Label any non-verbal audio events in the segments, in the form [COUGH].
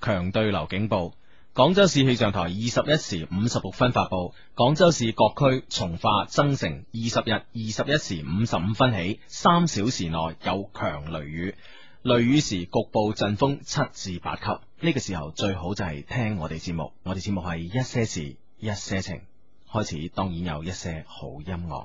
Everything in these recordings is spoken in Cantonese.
強對流警報，廣州市氣象台二十一時五十六分發布，廣州市各區從化、增城二十日二十一時五十五分起三小時內有強雷雨，雷雨時局部陣風七至八級。呢個時候最好就係聽我哋節目，我哋節目係一些事一些情，開始當然有一些好音樂。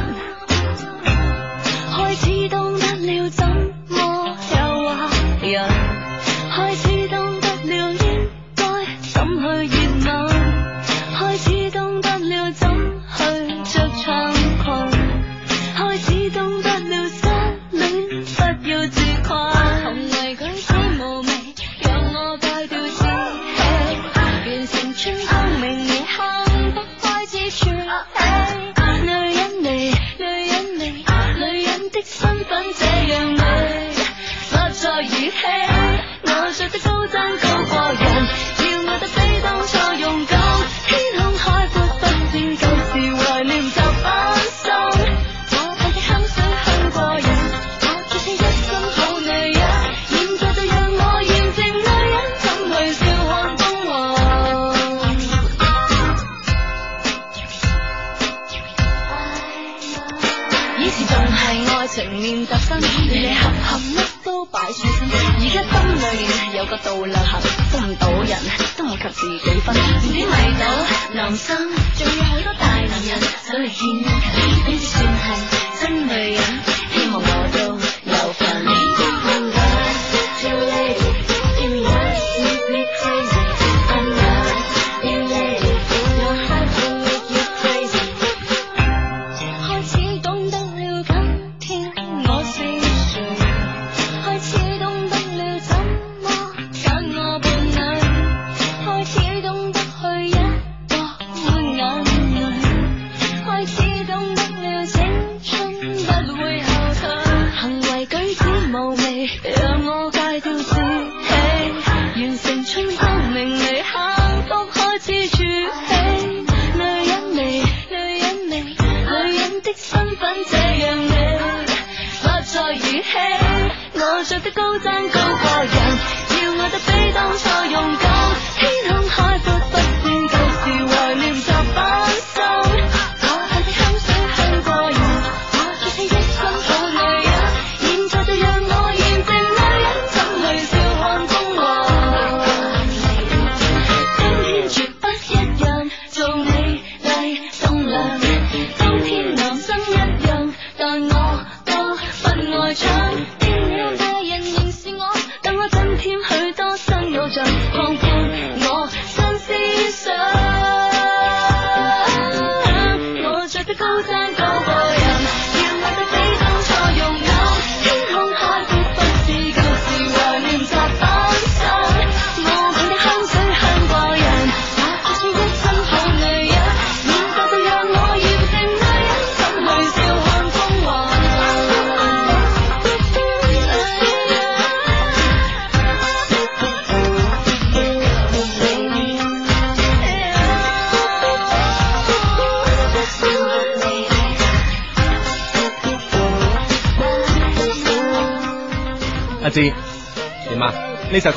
流行都唔到人，都唔及自己分。少迷倒男生，仲有好多大男人，想嚟獻殷勤，邊算係真女人？希望我都有份。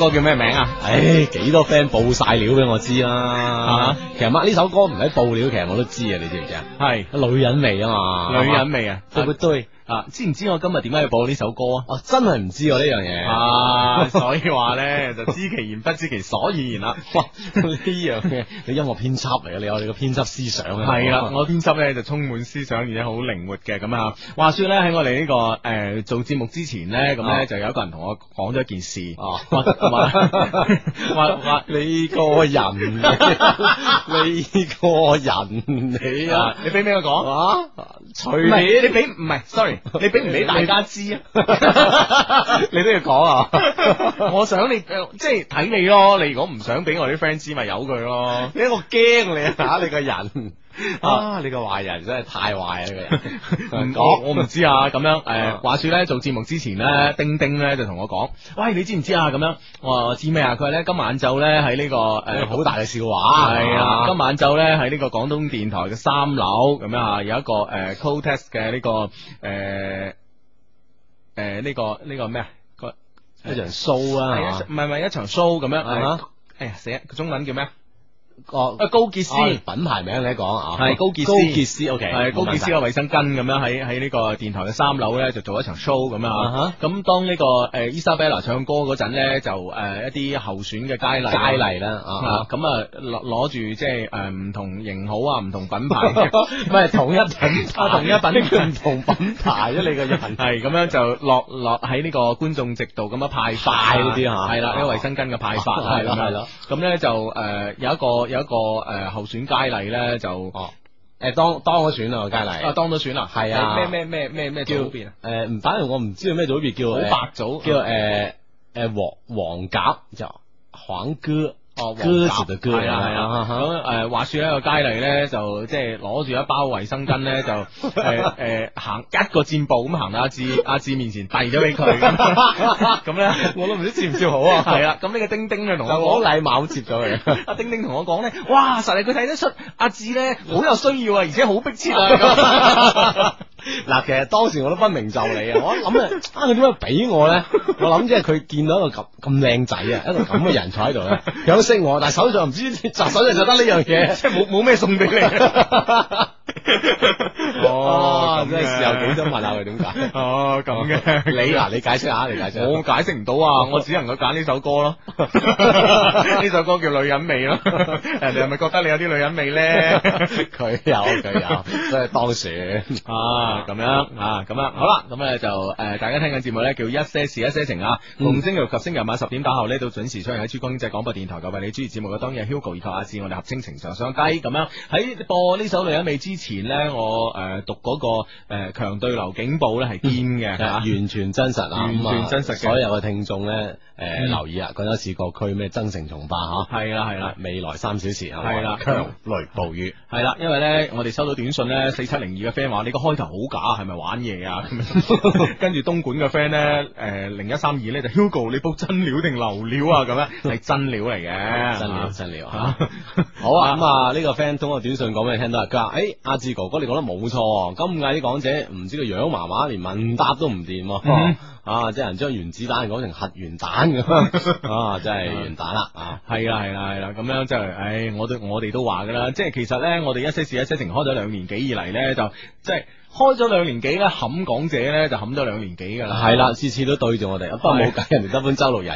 嗰叫咩名啊？唉、哎，幾多 friend 報晒料俾我知啦！吓、 [LAUGHS] 啊，其實乜呢首歌唔使報料，其實我都知啊！你知唔知啊？係女人味啊嘛，女人味啊，對唔對？啊是不是？啊啊知唔知我今日點解要播呢首歌啊？真係唔知我呢樣嘢啊！所以話咧 [LAUGHS] 就知其然不知其所以然啦。哇，呢樣嘅你音樂編輯嚟嘅，你我哋個編輯思想係啦、啊啊，我編輯咧就充滿思想而且好靈活嘅咁啊、嗯。話說咧喺我哋呢、這個誒、呃、做節目之前咧，咁、啊、咧、啊、就有一個人同我講咗一件事啊，話話 [LAUGHS] 你個人， [LAUGHS] 你個人你 [LAUGHS] 啊，你俾咩我講啊。隨你，你，你，你俾唔係，sorry，你俾唔俾大家知啊？你都 [LAUGHS] [LAUGHS] 要講啊！ [LAUGHS] 我想你即係睇你咯，你如果唔想俾我啲 friend 知，咪由佢咯。你一我驚你打你個人。 [LAUGHS] 啊！你這個壞人真係太壞、 [LAUGHS] 嗯、啊！你個人唔講，我唔知啊。咁樣誒，話說咧，做節目之前咧、嗯，丁丁咧就同我講，喂，你知唔知啊？咁樣、哦、我話知咩啊？佢話咧，今晚晝咧喺呢個誒好、嗯呃、大嘅笑話，係、嗯、啊！今晚晝咧喺呢個廣東電台嘅三樓咁樣啊，有一個誒、呃嗯呃、contest 嘅、這、呢個誒誒呢個呢、這個咩、呃、啊，啊，啊？一場 show 係啊，唔係唔係一場 show 咁樣啊？哎呀，死啊！個中文叫咩？哦、高潔斯、啊、品牌名你講啊，係高潔高潔斯，O K，係高潔斯嘅衛、okay，生巾咁樣喺喺呢個電台嘅三樓咧就做一場 show 咁樣，咁、啊、當呢個誒 Isabella 唱歌嗰陣咧就誒一啲候選嘅佳麗佳麗啦，啊咁啊攞攞住即係誒唔同型號啊唔同品牌，唔係同一品，同一品唔 [LAUGHS] 同，品 [LAUGHS] 同品牌啫、啊，你個人係咁樣就落落喺呢個觀眾席度咁樣派發呢啲吓，係啦呢個衛生巾嘅派發係咯係咯，咁咧就誒有一個。有一個誒、呃、候選佳麗咧就哦誒當當咗選啦佳麗啊當咗選啦係啊咩咩咩咩咩組別啊？誒唔、啊呃、反正我唔知道咩組別叫、呃、好白組，叫誒誒、呃呃、黃黃鴿就黃哥。哦、oh,，哥子係啊，咁誒、啊，話、啊嗯啊、說,說街一、, [LAUGHS] 欸啊、一個佳麗咧，就即係攞住一包衛生巾咧，就誒誒行一個箭步咁行到阿志阿志面前遞咗俾佢，咁咧、啊 [LAUGHS] 嗯、我都唔知接唔接好啊，係、啊、啦，咁呢個丁丁就同我好禮貌接咗佢，阿、 [LAUGHS] 啊、丁丁同我講咧，哇，實係佢睇得出阿志咧好有需要啊，而且好迫切啊，嗱， [LAUGHS] 其實當時我都不明就理不明就裏啊，我一諗啊啊，佢點解俾我咧？我諗即係佢見到一個咁咁靚仔啊，一個咁嘅人坐喺度咧， [LAUGHS] 識我，但手上唔知，扎 [LAUGHS] 手上就得呢樣嘢，即係冇冇咩送俾你。 [LAUGHS] [LAUGHS] [LAUGHS] 哦，真係時候幾多問下佢點解？哦，咁嘅。你嗱， [LAUGHS] 你解釋下，你解釋。我解釋唔到啊，我只能夠揀呢首歌咯。呢首歌叫女人味咯。人哋係咪覺得你有啲女人味咧？佢有，佢有，即係當時啊， [LAUGHS] 啊！咁樣啊，咁樣好啦。咁咧就誒、呃，大家聽緊節目咧叫一些事，一些情啊。逢星期六及星期日晚十點打後呢，都準時出現喺珠江經濟廣播電台，為你主持節目嘅當日 Hugo 以及阿志，我哋合稱情場雙低。咁樣喺播呢首女人味之。之前呢，我誒讀嗰個誒強對流警報咧係堅嘅，完全真實啊、嗯，完全真實，所有嘅聽眾咧誒、嗯、留意啊，廣州市各區咩增城、從化嚇，係啦係啦，未來三小時係嘛，強雷暴雨係啦、嗯。因為咧，我哋收到短信咧，四七零二嘅 friend 話：你個開頭好假，係咪玩嘢啊？ [LAUGHS] [LAUGHS] 跟住東莞嘅 friend 咧誒零一三二咧就 Hugo，你報真料定流料啊？咁樣係真料嚟嘅，真料真料嚇。好啊，咁啊呢個 friend 通過短信講俾你 [LAUGHS] 聽到啊，佢話誒。哎阿、啊、志哥哥，你講得冇錯，今屆啲講者唔知個樣麻麻，連問答都唔掂、啊嗯，啊！即係人將原子彈講成核原蛋、 [LAUGHS] 啊、原蛋咁、嗯，啊！真係原蛋啦，啊！係啦，係啦，係啦，咁樣即係，唉、哎，我都我哋都話嘅啦，即係其實呢，我哋一些事一些情開咗兩年幾以嚟呢，就即係。開咗兩年幾咧，冚港姐咧就冚咗兩年幾噶啦，係啦，次次都對住我哋，不過冇計，人哋得返周六日嘅，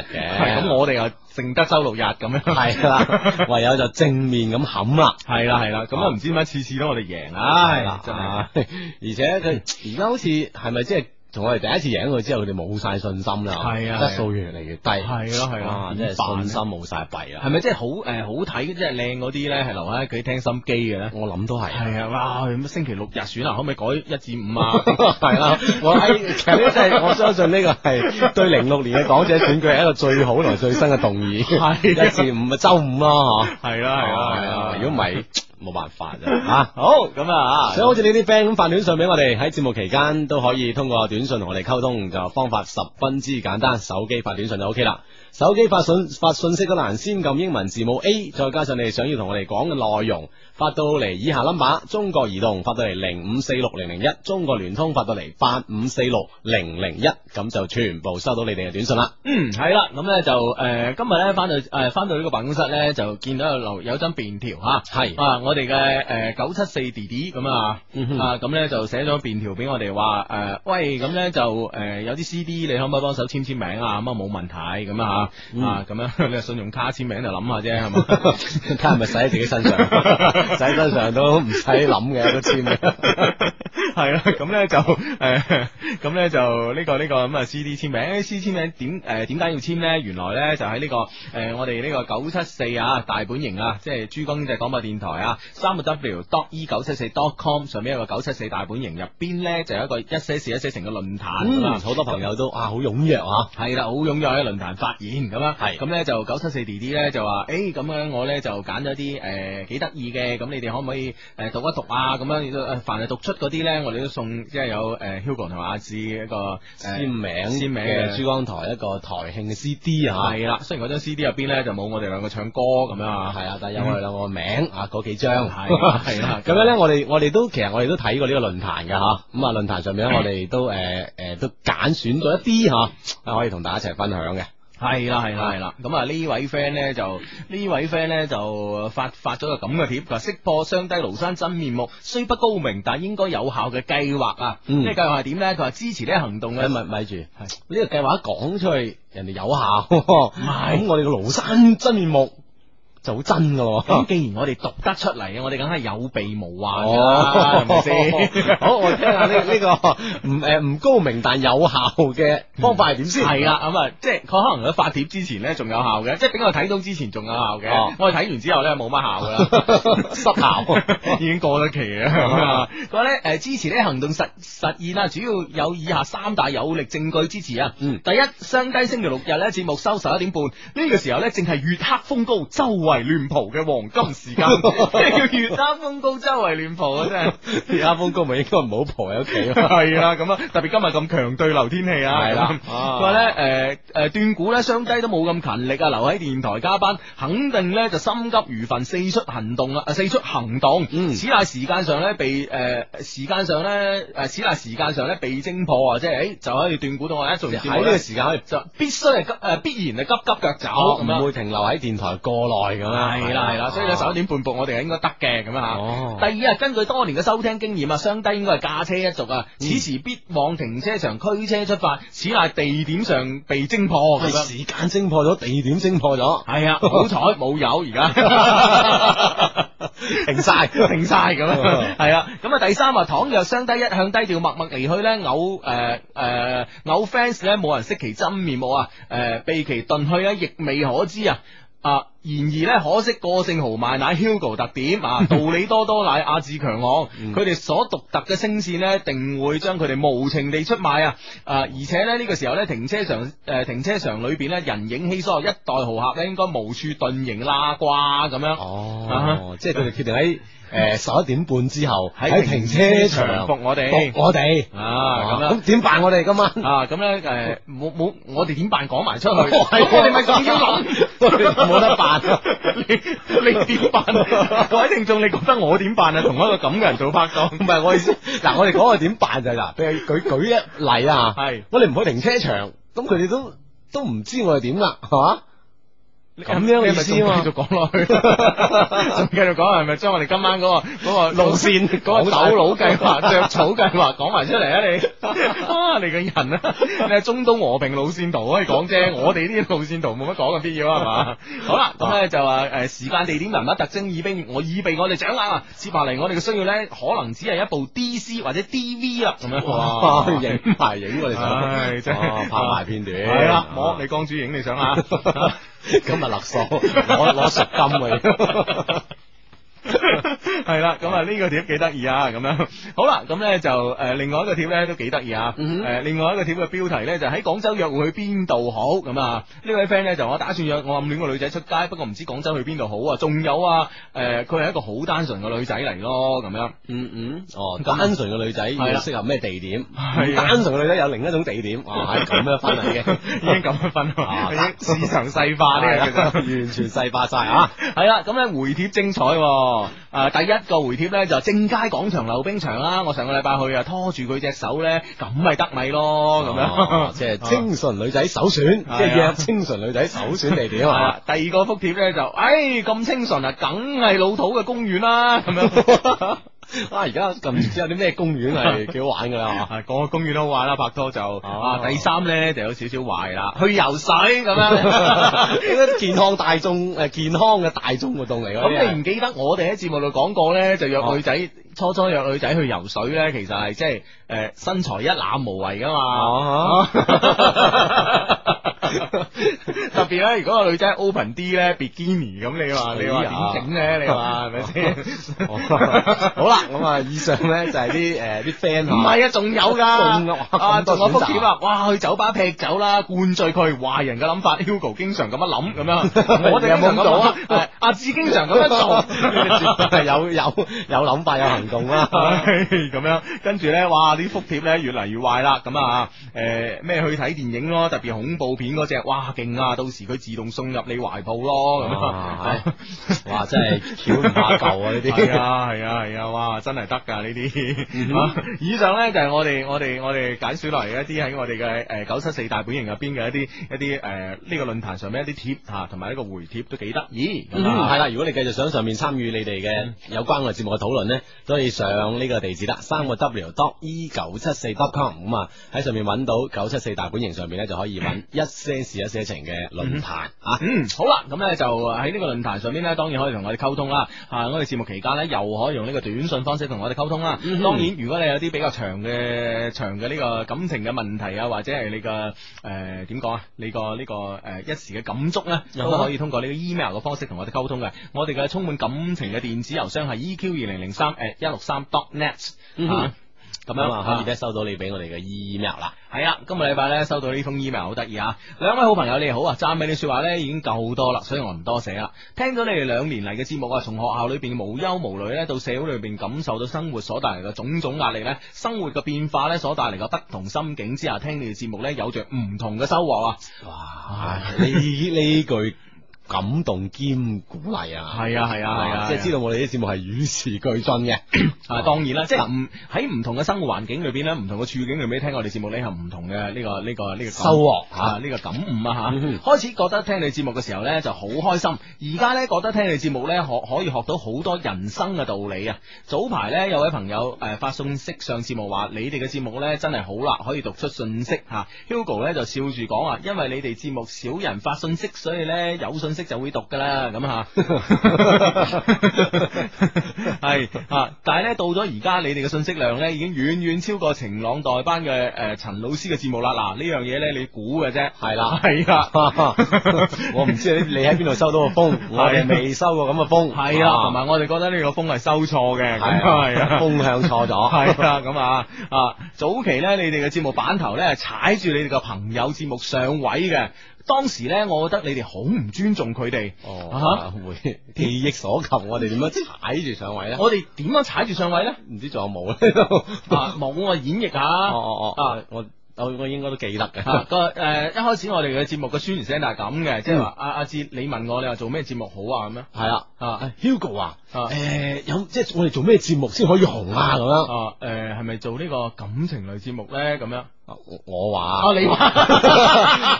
咁我哋又剩得周六日咁樣，係啦， [LAUGHS] 唯有就正面咁冚啦，係啦係啦，咁啊唔知點解次次都我哋贏，唉，真係、啊，而且佢而家好似係咪即係？同我哋第一次贏佢之後，佢哋冇晒信心啦，質素越嚟越低，係咯係啊，真係信心冇晒弊啊。係咪真係好誒？好睇即係靚嗰啲咧，係留喺佢聽心機嘅咧？我諗都係。係啊，哇！星期六日選啊，可唔可以改一至五啊？係 [LAUGHS] 是啊 [LAUGHS] 我，我喺其實我相信呢個係對零六年嘅港姐選舉係一個最好同埋最新嘅動議、啊 [LAUGHS] 是啊。 [LAUGHS] 係一至五啊，周五咯，嗬？係啦係啦係啦，如果唔係。冇辦法啫、啊、吓、 [LAUGHS] 啊，好咁啊，所以好似呢啲 friend 咁發短信俾我哋喺節目期間都可以通過短信同我哋溝通，就方法十分之簡單。手機發短信就 OK 啦。手機發信發信息嗰欄，先撳英文字母 A，再加上你哋想要同我哋講嘅內容，發到嚟以下 number：中國移動發到嚟零五四六零零一，中國聯通發到嚟八五四六零零一，咁就全部收到你哋嘅短信啦。嗯，係啦，咁、呃、呢就誒今日呢翻到誒翻到呢個辦公室呢，就見到留有張便條吓，係啊，啊我哋嘅誒九七四弟弟咁啊，嗯、啊咁呢就寫咗便條俾我哋話誒喂，咁呢就誒、呃、有啲 CD 你可唔可以幫手簽簽名啊？咁啊冇問題咁啊。嗯、啊咁樣，你信用卡簽名就諗下啫，係咪？睇下係咪使喺自己身上，使 [LAUGHS] 身上都唔使諗嘅都簽。係 [LAUGHS] 啦，咁、嗯、咧就誒，咁咧就呢個呢個咁啊 CD 簽名，C 簽名點誒點解要簽咧？原來咧就喺、是、呢、這個誒、呃、我哋呢個九七四啊大本營啊，即係珠江經濟廣播電台啊，三個 W dot E 九七四 dot com 上面有一個九七四大本營入邊咧就有一個一些事一些情嘅論壇，好、嗯嗯、多朋友都啊好踴躍啊，係啦，好踴躍喺論壇發言。咁啊，係咁咧就九七四 D D 咧就話誒，咁、欸、樣我咧就揀咗啲誒幾得意嘅，咁、呃、你哋可唔可以誒讀一讀啊？咁樣如果凡係讀出嗰啲咧，我哋都送即係有誒 Hugo 同阿志嘅一個簽、呃、名簽名嘅珠江台一個台慶嘅 C D 啊，係啦。雖然嗰張 C D 入邊咧就冇我哋兩個唱歌咁樣啊，係啊，但係有我哋兩個名啊嗰幾張係係咁樣咧，我哋 [LAUGHS] 我哋都其實我哋都睇過呢個論壇嘅吓，咁啊論壇上面咧我哋都誒誒、嗯呃、都揀選咗一啲吓，可以同大家一齊分享嘅。係啦係啦係啦，咁 [NOISE] 啊、嗯嗯嗯嗯嗯嗯、呢位 friend 咧就位呢位 friend 咧就發發咗個咁嘅貼，佢話識破雙低廬山真面目，雖不高明，但應該有效嘅計劃啊，呢、嗯呢個計劃係點咧？佢話支持呢行動嘅，咪咪住，呢、呢個計劃講出去，人哋有效，咁我哋嘅廬山真面目。就好真噶咁，既然我哋讀得出嚟嘅，我哋梗係有備無患嘅，係咪先？好，我聽下呢呢、這個唔誒唔高明但有效嘅方法係點先、嗯？係啦，咁啊，即係佢可能喺發帖之前咧仲有效嘅，即係畀我睇到之前仲有效嘅、哦，我哋睇完之後咧冇乜效啦，失效，已經過咗期啦。咁、嗯、啊，佢話咧誒，支持呢行動實實現啊，主要有以下三大有力證據支持啊。嗯，第一，相低星期六日咧，節目收十一點半呢、這個時候咧，淨係月黑風高，周為亂蒲嘅黃金時間， [LAUGHS] 叫月山風高，周圍亂蒲啊！真係月山風高該婆婆家，咪應該唔好蒲喺屋企。係啊，咁啊，特別今日咁強對流天氣啊，係啦、啊。佢話咧，誒誒，斷估咧，雙、呃、低都冇咁勤力，留喺電台加班，肯定咧就心急如焚，四出行動啦，啊四出行動。此那時間上咧被誒，時間上咧誒，此那時間上咧被偵、呃呃、破啊，即係誒就可以斷估到我一做喺呢個時間可以，間可以就必須係急誒，必然係急急腳走，唔會停留喺電台過耐。係啦，係 [NOISE] 啦，所以咧十一點半步我哋係應該得嘅咁樣吓哦、第二，根據多年嘅收聽經驗，雙低應該係駕車一族，此時必往停車場驅車出發，此乃地點上被偵破。嗯、時間偵破咗，地點偵破咗，係啊，好彩冇有而家停晒，停晒咁啊，係啊，咁啊、嗯，第三，倘若雙低一向低調默默離去呢。偶誒誒偶 fans 呢，冇人識其真面目啊，誒避其遁去咧亦未可知啊。啊！然而呢，可惜個性豪邁，乃 Hugo 特點啊， [LAUGHS] 道理多多奶亞，乃阿志強項。佢哋所獨特嘅聲線呢，定會將佢哋無情地出賣啊！啊！而且呢，呢個時候呢、呃，停車場停車場裏面呢，人影稀疏，一代豪客呢應該無處遁形啦！啩噉樣。哦，啊、即係佢哋決定喺。 [LAUGHS] 誒、呃，十一點半之後喺停車場伏我哋、啊啊啊呃， [LAUGHS] 我哋啊咁，咁點辦我哋今晚啊？咁咧誒，冇冇，我哋點辦講埋出去？我哋咪講咗啦，我冇得辦， [LAUGHS] [LAUGHS] 你你點辦？各位聽眾，你覺得我點辦啊？同一個咁嘅人做拍檔，唔 [LAUGHS] 係我意思。嗱，我哋講嘅點辦就係嗱，俾佢舉舉一例啊，係 [LAUGHS] 我哋唔去停車場，咁佢哋都都唔知我哋點啦，吓、啊？咁樣你咪啊？繼 [LAUGHS] 續講落去，繼續講係咪？將我哋今晚嗰個那個路線，嗰 [LAUGHS] 個走佬計劃、着 [LAUGHS] 草計劃講埋出嚟 [LAUGHS] 啊！你啊，你個人啊，你係中東和平路線圖可以講啫。我哋呢啲路線圖冇乜講嘅必要啊，係 [LAUGHS] 嘛？好啦，咁咧就話誒，時間、地點、人物、特徵已俾我已俾我哋掌握。接下嚟我哋嘅需要咧，可能只係一部 D C 或者 D V 啦，咁樣影埋影我哋想，拍埋、哎啊、片段。係、哎、啦，摸、哎哎哎、你江主影你想啊。 [LAUGHS] 今日勒索，攞攞贖金喂。 [LAUGHS] [LAUGHS] 係 [LAUGHS] 啦， [LAUGHS] 咁啊呢個貼幾得意啊，咁樣好啦，咁呢就誒、呃、另外一個貼呢都幾得意啊，誒、嗯呃、另外一個貼嘅標題呢就喺、是、廣州約會去邊度好，咁啊呢位 friend 咧就我打算約我暗戀個女仔出街，不過唔知廣州去邊度好啊，仲有啊誒佢係一個好單純嘅女仔嚟咯，咁樣，嗯嗯，哦，單純嘅女仔適合咩地點？單純嘅女仔、嗯、有另一種地點，哇、 [LAUGHS] 啊，咁樣分嚟嘅，已經咁樣分啦、啊，已經細化呢個，完全細化晒啊，係啦，咁樣回帖精彩。哦、啊，第一個回帖呢就正佳廣場溜冰場啦，我上個禮拜去啊，拖住佢隻手呢，咁咪得咪咯，咁、哦、樣，哦、即係清純女仔首選，啊、即係約清純女仔首選地點啊。第二個幅帖呢就，誒、哎，咁清純啊，梗係老土嘅公園啦，咁樣。 [LAUGHS] 啊！而家咁唔知有啲咩公園係幾好玩噶啦，個、 [LAUGHS] 啊、個公園都好玩啦，拍拖就啊，啊第三咧就有少少壞啦，去游水咁樣 [LAUGHS] 健，健康大眾誒，健康嘅大眾活動嚟。咁、啊、你唔記得我哋喺節目度講過咧，就約女仔、啊。初初約女仔去游水咧，其實係即係誒，身材一覽無遺噶嘛。啊、 [LAUGHS] 特別咧，如果個女仔 open 啲咧，bikini 咁，你話 [LAUGHS] 你話點整咧？你話係咪先？啊、 [LAUGHS] 好啦，咁、嗯、啊，以上咧就係啲誒啲 friend。唔、呃、係啊，仲有噶，咁多選擇。哇，去酒吧劈酒啦，灌醉佢。壞人嘅諗法 [LAUGHS] ，Hugo 經常咁樣諗，咁樣。 [LAUGHS] 我哋有冇諗到啊？阿、啊、志、啊、經常咁樣做， [LAUGHS] [LAUGHS] [LAUGHS] 有有有諗法，有。有 [LAUGHS] 動啦咁樣，跟住呢，哇！啲覆貼呢越嚟越壞啦，咁啊，誒、呃、咩去睇電影咯，特別恐怖片嗰隻，哇勁啊！到時佢自動送入你懷抱咯，咁啊,啊,啊,啊, [LAUGHS] 啊,啊,啊，哇！真係巧唔怕舊啊，呢啲係啊係啊係啊，哇！真係得噶呢啲。以上呢，就係、是、我哋我哋我哋揀選落嚟一啲喺我哋嘅誒九七四大本營入邊嘅一啲一啲誒呢個論壇上面一啲貼吓，同埋一個回貼都幾得意、嗯。係、啊、啦、嗯啊，如果你繼續想上面參與你哋嘅有關我哋節目嘅討論呢。所以上呢個地址得，三個 w dot e 九七四 dot com 咁啊，喺上面揾到九七四大本營上面呢，就可以揾一些事一些情嘅論壇、嗯、啊。嗯，好啦，咁呢就喺呢個論壇上面呢，當然可以同我哋溝通啦。啊、我哋節目期間呢，又可以用呢個短信方式同我哋溝通啦、嗯。當然，如果你有啲比較長嘅長嘅呢個感情嘅問題啊，或者係你個誒點講啊，你、這個呢個誒一時嘅感觸呢、啊嗯、都可以通過呢個 email 嘅方式同我哋溝通嘅。我哋嘅充滿感情嘅電子郵箱係 e q 二零零三誒一六三 dotnet 咁樣啊，哈，可以收到你俾我哋嘅 email 啦。係、嗯、啦，今個禮拜咧收到呢封 email，好得意啊！兩、嗯、位好朋友你好啊，讚美你說話咧已經夠多啦，所以我唔多寫啦。聽咗你哋兩年嚟嘅節目啊，從學校裏邊無憂無慮咧，到社會裏邊感受到生活所帶嚟嘅種種壓力咧，生活嘅變化咧所帶嚟嘅不同心境之下，聽你哋節目咧有着唔同嘅收穫啊！哇， [LAUGHS] 你呢句。感動兼鼓勵啊，係啊係啊係啊，即係、啊啊啊啊啊啊、知道我哋啲節目係與時俱進嘅。啊，當然啦，即係唔喺唔同嘅生活環境裏邊咧，唔、嗯、同嘅處境裏邊聽我哋節目，你係唔同嘅呢、這個呢個呢個收穫吓，呢、啊這個感悟啊吓、嗯。開始覺得聽你節目嘅時候咧就好開心，而家咧覺得聽你節目咧可可以學到好多人生嘅道理啊。早排咧有位朋友誒、呃、發信息上節目話你哋嘅節目咧真係好叻，可以讀出信息吓、啊。Hugo 咧就笑住講啊，因為你哋節目少人發信息，所以咧有信息。就會讀噶啦，咁吓係啊！但係咧，到咗而家，你哋嘅信息量咧，已經遠遠超過晴朗代班嘅誒、呃、陳老師嘅節目啦。嗱，呢樣嘢咧，你估嘅啫，係 [LAUGHS] 啦是的，係啊，我唔知你喺邊度收到個風 [LAUGHS] 收的風 [LAUGHS] 的個風，我哋未收過咁嘅風，係啦，同埋我哋覺得呢個風係收錯嘅，係 [LAUGHS] 啊， [LAUGHS] 風向錯咗，係 [LAUGHS] 啊，咁啊，啊，早期咧，你哋嘅節目版頭咧，踩住你哋個朋友節目上位嘅。當時咧，我覺得你哋好唔尊重佢哋。哦，嚇、啊，會記憶所求我，我哋點樣踩住上位咧？我哋點樣踩住上位咧？唔知仲有冇、啊、咧？冇我演繹嚇。哦哦哦。啊，我我應應該都記得嘅、啊那個呃。一開始我哋嘅節目嘅宣傳聲、嗯、就係咁嘅，即係話阿阿志，你問我你話做咩節目好啊？咁樣係啊。啊，Hugo 啊，誒、啊呃、有即係、就是、我哋做咩節目先可以紅啊？咁樣啊係咪、啊呃、做呢個感情類節目咧？咁樣。我話，你話、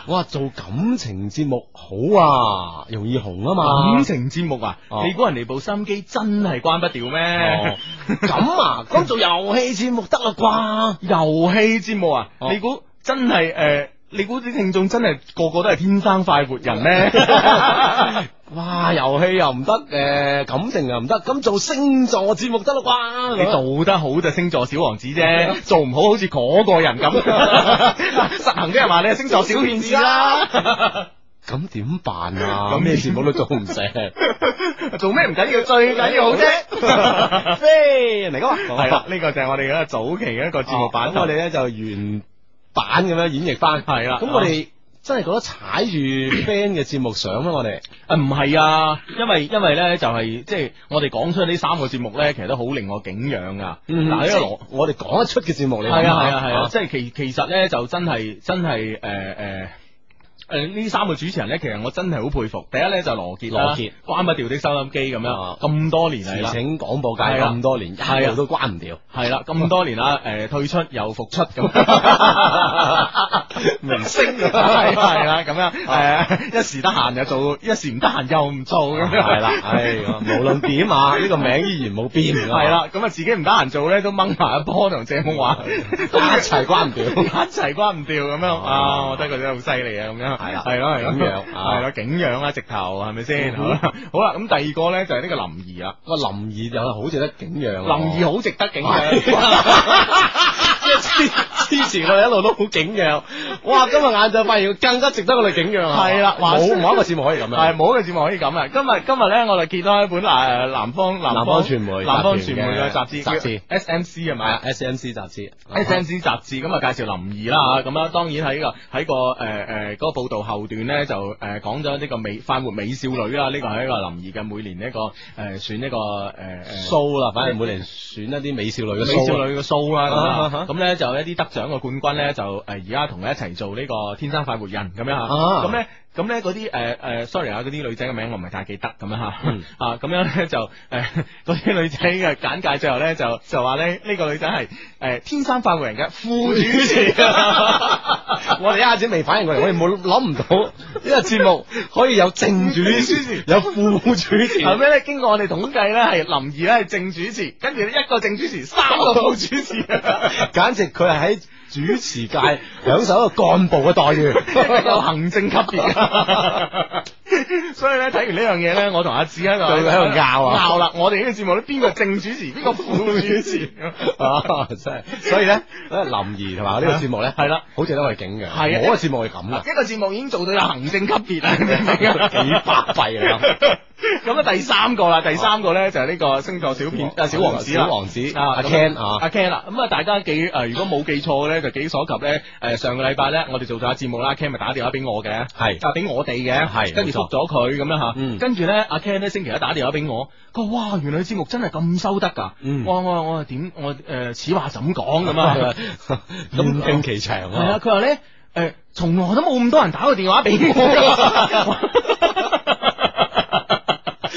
我話、啊、 [LAUGHS] 做感情節目好啊，容易紅啊嘛。感情節目啊，哦、你估人哋部心機真係關不掉咩？咁、哦、啊，咁 [LAUGHS] 做遊戲節目得啦啩？遊戲節目啊，哦、你估真係誒？呃你估啲聽眾真係個個都係天生快活人咩？ [LAUGHS] 哇，遊戲又唔得，誒，感情又唔得，咁做星座節目得喇啩？你做得好就星座小王子啫、啊，做唔好好似嗰個人咁， [LAUGHS] 實行啲人話你係星座小騙子啦。咁 [LAUGHS] 點辦啊？咁 [LAUGHS] 咩節目都做唔成， [LAUGHS] 做咩唔緊要，最緊要好啫。飛嚟講，係啦，呢 [LAUGHS] 個就係我哋嘅早期嘅一個節目版，哦、我哋咧 [LAUGHS] 就完。版咁樣演繹翻，係啦。咁我哋真係覺得踩住 band 嘅節目上咯，我哋啊唔係啊，因為因為咧就係即係我哋講出呢三個節目咧，其實都好令我景仰噶。嗯，但係因為我、就是、我哋講得出嘅節目嚟，係啊係啊係啊，即係其其實咧就真係真係誒誒。誒、呃，呢三個主持人咧，其實我真係好佩服。第一咧就是、羅杰啦羅杰，羅杰關不掉的收音機咁樣，咁、哦、多年嚟請廣播界咁、啊啊、多年，一啊，又都關唔掉。係啦、啊，咁多年啦，誒、啊呃、退出又復出咁， [LAUGHS] 明星係啦咁樣，誒、啊啊啊、一時得閒又做，一時唔得閒又唔做咁、啊啊啊 [LAUGHS] 啊啊啊啊、樣。係、嗯、啦，誒無論點啊，呢個名依然冇變。係啦，咁啊自己唔得閒做咧，都掹埋阿波同謝峰咁，一齊關唔掉，一齊關唔掉咁樣。啊，我覺得佢哋好犀利啊，咁樣。係、嗯、啦，係咯，係咁樣，係、嗯、啦、嗯、景仰啦，直頭，係咪先？好啦，好啦，咁、嗯、第二個咧就係呢個林儀啊，個林儀就好值得景仰，林儀好值得景仰，即係支持我哋一路都好景仰。哇！今日晏晝發現更加值得我哋景仰啊！係、啊、啦，冇、啊、冇一個節目可以咁，係、啊、冇一個節目可以咁啊！今日今日咧，我哋見到一本南方南方南方傳媒南方傳媒嘅雜誌雜誌 S M C 係咪啊？S M C 雜誌 S M C 雜誌咁啊，介紹林儀啦嚇，咁啊當然喺個喺個誒誒嗰到後段咧就誒講咗呢個美快活美少女啦，呢、這個係一個林儀嘅每年呢個誒、呃、選呢個誒、呃、show 啦，反正每年選一啲美少女嘅美少女嘅 show 啦咁啦，咁、啊、咧、啊、就一啲得獎嘅冠軍咧就誒而家同佢一齊做呢個天生快活人咁樣吓，咁咧咁咧嗰啲誒誒，sorry 啊嗰啲女仔嘅名我唔係太記得咁樣吓啊咁樣咧就誒嗰啲女仔嘅簡介最後咧就就話咧呢、這個女仔係誒天生快活人嘅副主持 [LAUGHS] 我哋一下子未反應過嚟，我哋冇諗唔到呢個節目可以有正主持、有副主持。後尾咧，經過我哋統計咧，係林怡咧係正主持，跟住一個正主持，三個副主持， [LAUGHS] 簡直佢係喺主持界享受一個幹部嘅待遇，有行政級別。 [LAUGHS] 所以咧睇完呢樣嘢咧，我同阿紫咧就喺度啊。鬧啦。我哋呢個節目咧，邊個正主持，邊個副主持、 [LAUGHS] 啊、所以咧，林怡同埋呢個節目咧係啦，好似得景我景嘅。係、啊、我、這個節目係咁啦。一個節目已經做到有行政級別啦幾百費啊！咁啊第三個，第三個啦，第三個咧就係呢個星座小片小王子啦，小王子，小王子啊，阿、啊 Ken，啊啊、Ken 啊，阿 Ken 啦。咁啊，大家記誒，如果冇記錯咧，就幾所及咧。誒，上個禮拜咧，我哋做咗下節目啦，Ken 咪打電話俾我嘅，係打俾我哋嘅，係跟住。咗佢咁樣吓、嗯，跟住咧阿 Ken 咧星期一打電話俾我，佢話：「哇，原來你節目真係咁收得㗎、嗯！哇，我我點？我誒、呃、此話怎講咁啊？論兵其長，係啊！佢話：呃「咧誒，從來都冇咁多人打過電話俾我。 [LAUGHS] [LAUGHS]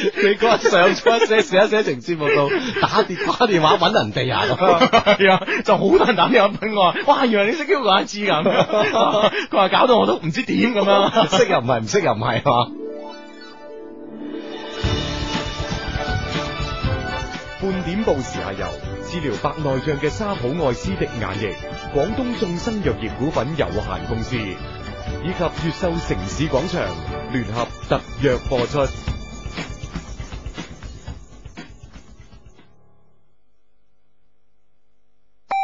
[LAUGHS] 你嗰日上出一寫寫一寫成節目度打電打電話揾人哋啊，係啊，就好多人打電話揾、啊、 [LAUGHS] [LAUGHS] 我哇。哇，原來你識 Q 個阿 J 咁，佢話搞到我都唔知點咁樣，識又唔係，唔識又唔係嘛。 [LAUGHS] 啊、半點報時下游治療白內障嘅沙普愛斯滴眼液，廣東眾生藥業股份有限公司以及越秀城市廣場聯合特約播出。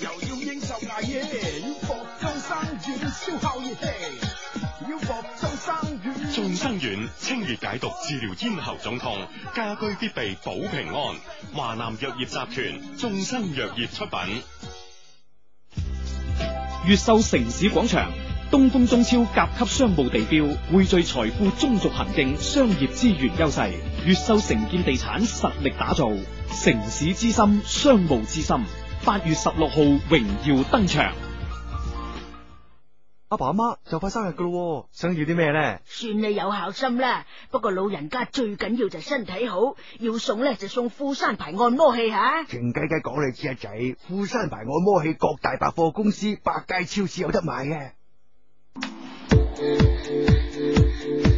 又要應酬挨夜，要服眾生丸燒烤熱氣，要服眾生丸。眾生丸清熱解毒，治療咽喉腫痛，家居必備保平安。華南藥業集團眾生藥業出品。越秀城市廣場，東風中超甲級商務地標，匯聚財富中軸行政商業資源優勢。越秀城建地產實力打造城市之心，商務之心。八月十六號榮耀登場，阿爸阿媽就快生日噶咯，想要啲咩咧？算你有孝心啦，不過老人家最緊要就係身體好，要送咧就送富山牌按摩器吓。靜雞雞講你知阿仔，富山牌按摩器各大百貨公司、百佳超市有得買嘅。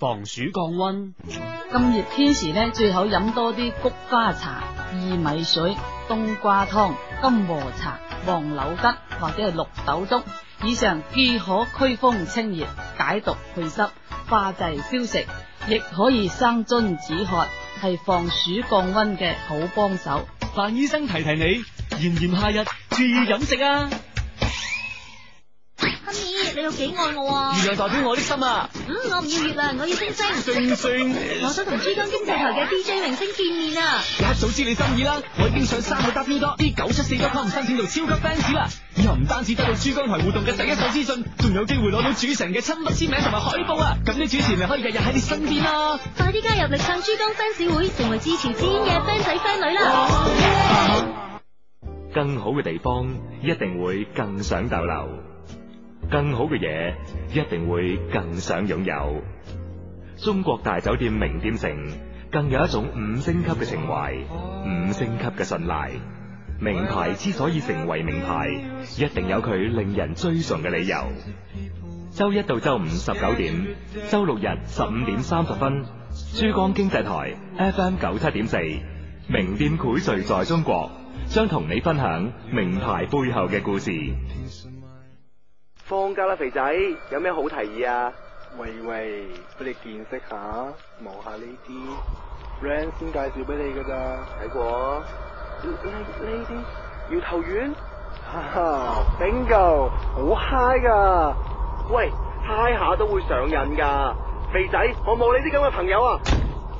防暑降溫，咁熱天時咧，最好飲多啲菊花茶、薏米水、冬瓜湯、金和茶、黃柳吉或者係綠豆粥。以上既可驅風清熱、解毒去濕、化滯消食，亦可以生津止渴，係防暑降溫嘅好幫手。范醫生提提你，炎炎夏日注意飲食啊！你又幾愛我、啊？月亮代表我的心啊！嗯，我唔要月亮，我要星星。星星，我想同珠江經濟台嘅 DJ 明星見面啊！一早知你心意啦，我已經上三個 W 多，呢九七四多 com 申請做超級 fans 啦。又唔單止得到珠江台互動嘅第一手資訊，仲有機會攞到主持人嘅親筆簽名同埋海報啊！咁啲主持咪可以日日喺你身邊咯。快啲加入力撐珠江 fans 會，成為支持先嘅 fans 仔 fans 女啦、哦啊！更好嘅地方，一定會更想逗留。更好嘅嘢，一定會更想擁有。中國大酒店名店城更有一種五星級嘅情懷，五星級嘅信賴。名牌之所以成為名牌，一定有佢令人追崇嘅理由。周一到周五十九點，周六日十五點三十分，珠江經濟台 FM 九七點四，名店薈聚在中國，將同你分享名牌背後嘅故事。放假啦，肥仔，有咩好提議啊？喂喂，俾你見識下，望下呢啲，Rand 先介紹俾你噶咋？睇過？呢啲搖頭丸？哈 [LAUGHS] 哈，Bingo，好嗨噶！喂，嗨下都會上癮噶，肥仔，我冇你啲咁嘅朋友啊！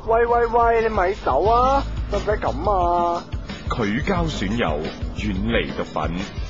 喂喂喂，你咪走啊！使唔使咁啊？拒交損友，遠離毒品。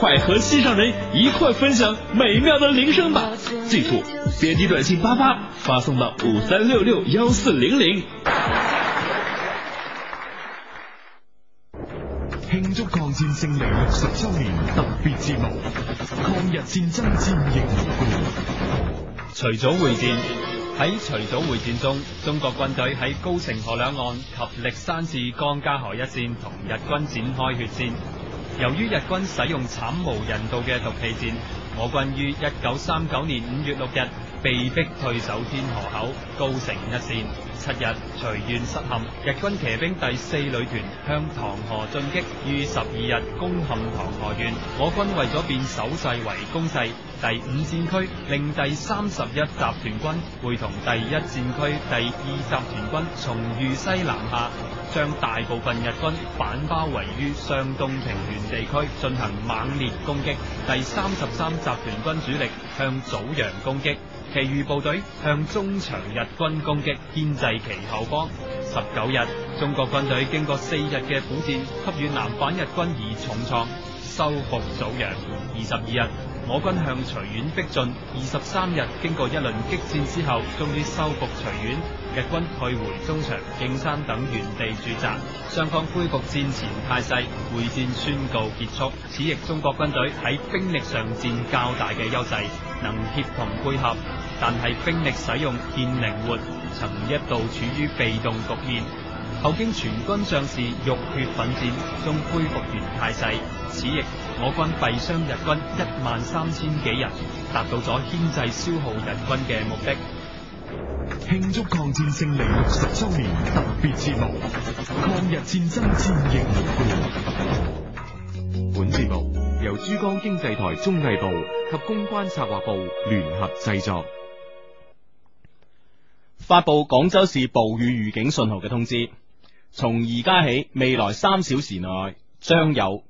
快和心上人一塊分享美妙的鈴聲吧！記住，編輯短信八八發送到五三六六幺四零零。慶祝抗戰勝利六十周年特別節目：抗日戰爭戰役——隨棗會戰。在隨棗會戰中，中國軍隊在高城河兩岸及厲山至江家河一線同日軍展開血戰。由於日軍使用慘無人道嘅毒氣戰，我軍於一九三九年五月六日被逼退守天河口高城一線。七日隨願失陷，日軍騎兵第四旅團向唐河進擊，於十二日攻陷唐河縣。我軍為咗變守勢為攻勢，第五戰區令第三十一集團軍會同第一戰區第二集團軍從豫西南下。將大部分日軍反包圍於襄東平原地區，進行猛烈攻擊。第三十三集團軍主力向棗陽攻擊，其餘部隊向中長日軍攻擊，牽制其後方。十九日，中國軍隊經過四日嘅苦戰，給予南返日軍以重創，收復棗陽。二十二日，我軍向隨縣逼進，二十三日經過一輪激戰之後，終於收復隨縣。日軍退回中長、敬山等原地駐紮。雙方恢復戰前態勢，會戰宣告結束。此役中國軍隊喺兵力上占較大嘅優勢，能協同配合，但係兵力使用欠靈活，曾一度處於被動局面。後經全軍將士浴血奮戰，終恢復原態勢。此役。我軍斃傷日軍一萬三千幾人，達到咗牽制消耗日軍嘅目的。慶祝抗戰勝利六十周年特別節目《抗日戰爭戰役回顧》，本節目由珠江經濟台綜藝部及公關策劃部聯合製作。發布廣州市暴雨預警信號嘅通知，從而家起，未來三小時內將有。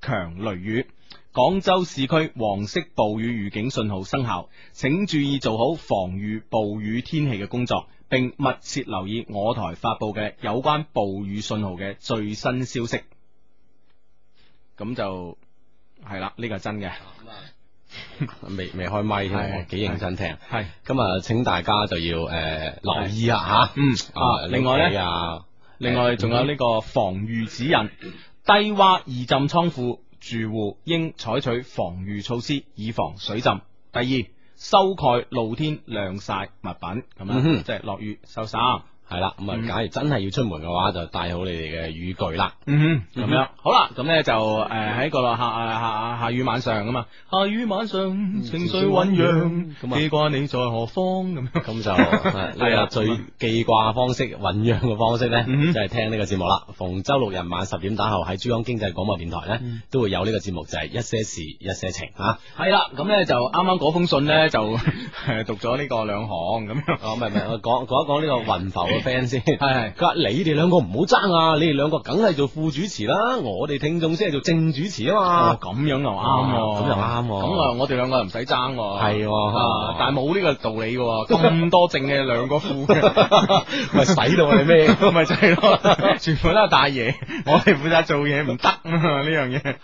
強雷雨，廣州市區黃色暴雨預警信號生效，請注意做好防禦暴雨天氣嘅工作，並密切留意我台發佈嘅有關暴雨信號嘅最新消息。咁就係啦，呢、這個係真嘅，未 [LAUGHS] 未開咪添，幾認真聽的。係，今日請大家就要誒、呃、留意、嗯、啊，吓，嗯啊，另外呢，啊、另外仲有呢個防禦指引。嗯低窪易浸倉庫住戶應採取防禦措施，以防水浸。第二，收蓋露天晾曬物品，咁樣即係落雨收衫。係啦，咁啊，假如真係要出門嘅話，就帶好你哋嘅雨具啦。嗯，咁、嗯、樣、嗯、好啦，咁咧就誒喺、呃、個下下下雨晚上啊嘛，下雨晚上，下雨晚上、嗯、情緒醞釀，記掛你在何方咁樣。咁就係啊 [LAUGHS] 最記掛方式，醞釀嘅方式咧、嗯，就係、是、聽呢個節目啦。逢周六日晚十點打後喺珠江經濟廣播電台咧、嗯，都會有呢個節目，就係、是、一些事，一些情啊。係啦，咁咧就啱啱嗰封信咧就 [LAUGHS] [LAUGHS] 讀咗呢個兩行咁樣。哦、啊，唔係唔係，講講一講呢個雲浮。 [LAUGHS] friend 先，係佢話你哋兩個唔好爭啊，你哋兩個梗係做副主持啦、啊，我哋聽眾先係做正主持啊嘛，咁、哦、樣又啱、啊，咁又啱，咁啊我哋兩個唔使爭、啊、係、啊啊啊，但係冇呢個道理嘅、啊，咁 [LAUGHS] 多正嘅兩個副，咪 [LAUGHS] 使 [LAUGHS] 到我哋咩，咪就係咯，全部都係大爺，我哋負責做嘢唔得啊呢樣嘢，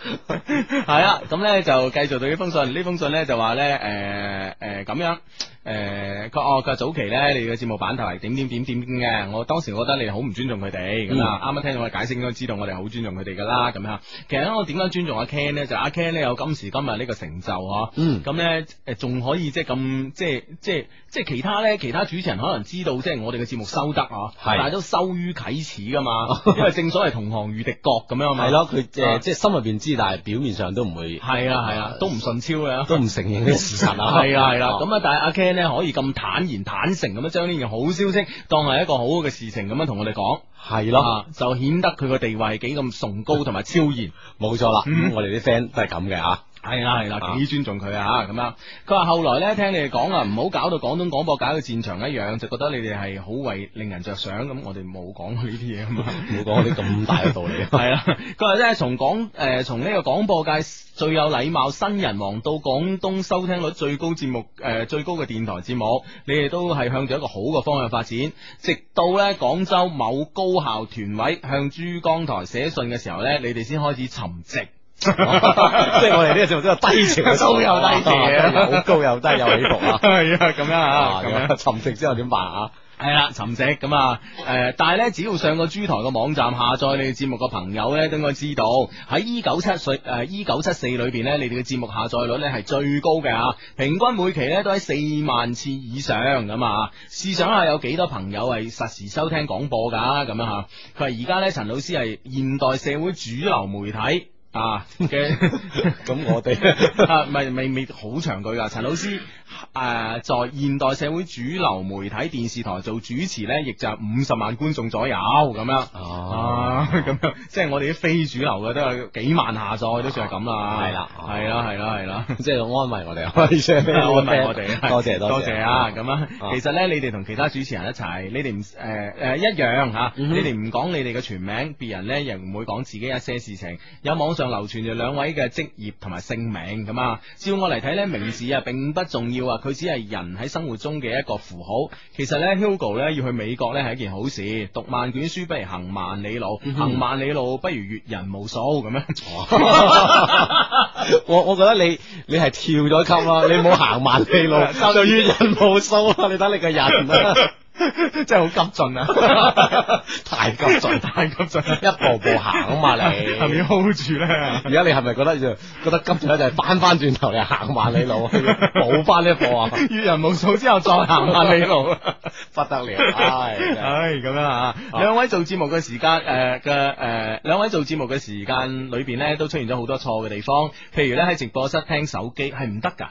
係啊，咁 [LAUGHS] 咧東、 [LAUGHS] 啊、就繼續對呢封信，呢封信咧就話咧，誒誒咁樣。誒佢我佢早期咧，你嘅節目版頭係點點點點嘅，我當時覺得你好唔尊重佢哋咁啊！啱啱聽到我解釋，應該知道我哋好尊重佢哋噶啦咁樣。其實我點樣尊重阿 Ken 呢？就是、阿 Ken 呢，有今時今日呢個成就嚇，咁、嗯、呢，仲、嗯、可以即係咁即係即係即係其他呢，其他主持人可能知道即係我哋嘅節目收得啊、嗯，但係都收於啟齒噶嘛，因為正所謂同行如敵國咁樣、 [LAUGHS] 嗯、啊嘛，係咯，佢、嗯呃、即係心入邊知，但係表面上都唔會係啊係啊，啊，都唔順超嘅、啊，都唔承認啲事實啊，係啦咁啊，但係阿 Ken。可以咁坦然坦誠咁樣將呢件好消息當係一個好好嘅事情咁樣同我哋講，係咯，啊，就顯得佢個地位係幾咁崇高同埋超然，冇錯啦。我哋啲 friend 都係咁嘅吓。係啦，係 [NOISE] 啦樂，幾尊重佢啊咁啊！佢話 [MUSIC] 後來呢聽你哋講啊，唔好搞到廣東廣播搞到戰場一樣，就覺得你哋係好為令人著想咁。我哋冇講呢啲嘢啊嘛，冇講嗰啲咁大嘅道理。係 [LAUGHS] 啦， [LAUGHS] 佢話呢，從廣誒從呢個廣播界最有禮貌新人王到廣東收聽率最高節目誒最高嘅電台節目，你哋都係向住一個好嘅方向發展。直到呢，廣州某高校團委向珠江台寫信嘅時候呢，你哋先開始沉寂。 [LAUGHS] 即係我哋呢個節目真係低潮，有、啊低潮啊啊，低有高又低潮，好高又低，又起伏啊！ [LAUGHS] 係啊，咁樣啊，咁、啊、樣、啊、沉寂之後點辦啊？係、啊、啦，沉寂咁誒，但係咧，只要上個珠台嘅網站下載你哋節目嘅朋友咧都應該知道，喺一九七歲誒一九七四裏邊呢你哋嘅節目下載率咧係最高嘅吓，平均每期咧都喺四萬次以上咁啊！試想下有幾多朋友係實時收聽廣播噶咁、啊、樣吓、啊？佢話而家咧陳老師係現代社會主流媒體。嘅咁我哋啊，唔係未未好長句啊，陳老師，誒、啊、在現代社會主流媒體電視台做主持咧，亦就五十萬觀眾左右咁樣哦，咁、啊啊啊、樣，即係我哋啲非主流嘅都有幾萬下載都算係咁啦。係、啊、啦，係、啊、啦，係啦，即、啊、係、就是、安慰我哋，開 [LAUGHS] 心 [LAUGHS] 安慰我哋。 [LAUGHS] 多謝多謝，多謝啊！咁、啊、樣、啊啊，其實咧，你哋同其他主持人一齊，你哋唔誒誒一樣吓、啊嗯，你哋唔講你哋嘅全名，別人咧亦唔會講自己一些事情。有網上。流傳住兩位嘅職業同埋姓名咁啊，照我嚟睇呢，名字啊並不重要啊，佢只係人喺生活中嘅一個符號。其實呢 Hugo 呢要去美國呢係一件好事。讀萬卷書不如行萬里路，嗯、行萬里路不如閱人無數咁樣。 [LAUGHS] [LAUGHS] 我我覺得你你係跳咗級咯，你冇 [LAUGHS] 行萬里路，就 [LAUGHS] 閱人無數啊！你睇你個人啊。 [LAUGHS] [LAUGHS] 真係好急進啊 [LAUGHS] 太急進！太急進，太急進，一步步行啊嘛！你係咪 hold 住咧？而家你係咪覺得就覺得急住咧，就翻翻轉頭嚟行萬里路，冇翻呢一步啊！閱人無數之後再，再行萬里路，不得了！唉 [LAUGHS] 唉、哎，咁、哎哎、樣啊！兩、啊、位做節目嘅時間，誒嘅誒，兩、呃、位做節目嘅時間裏邊咧，都出現咗好多錯嘅地方。譬如咧，喺直播室聽手機係唔得噶，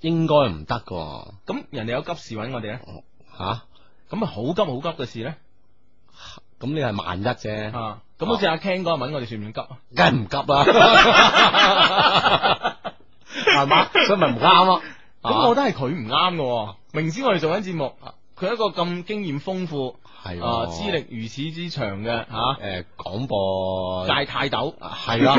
應該唔得噶。咁 [LAUGHS] 人哋有急事搵我哋呢。 [LAUGHS] 吓咁咪好急好急嘅事咧？咁你係萬一啫。啊，咁好似阿 Ken 講阿我哋算唔算急啊？梗係唔急啦，係、啊、嘛？所以咪唔啱咯。咁我都係佢唔啱喎。明知我哋做緊節目，佢係一個咁經驗豐富，係啊資歷、啊、如此之長嘅吓。誒、啊，廣、呃、播界泰斗係啦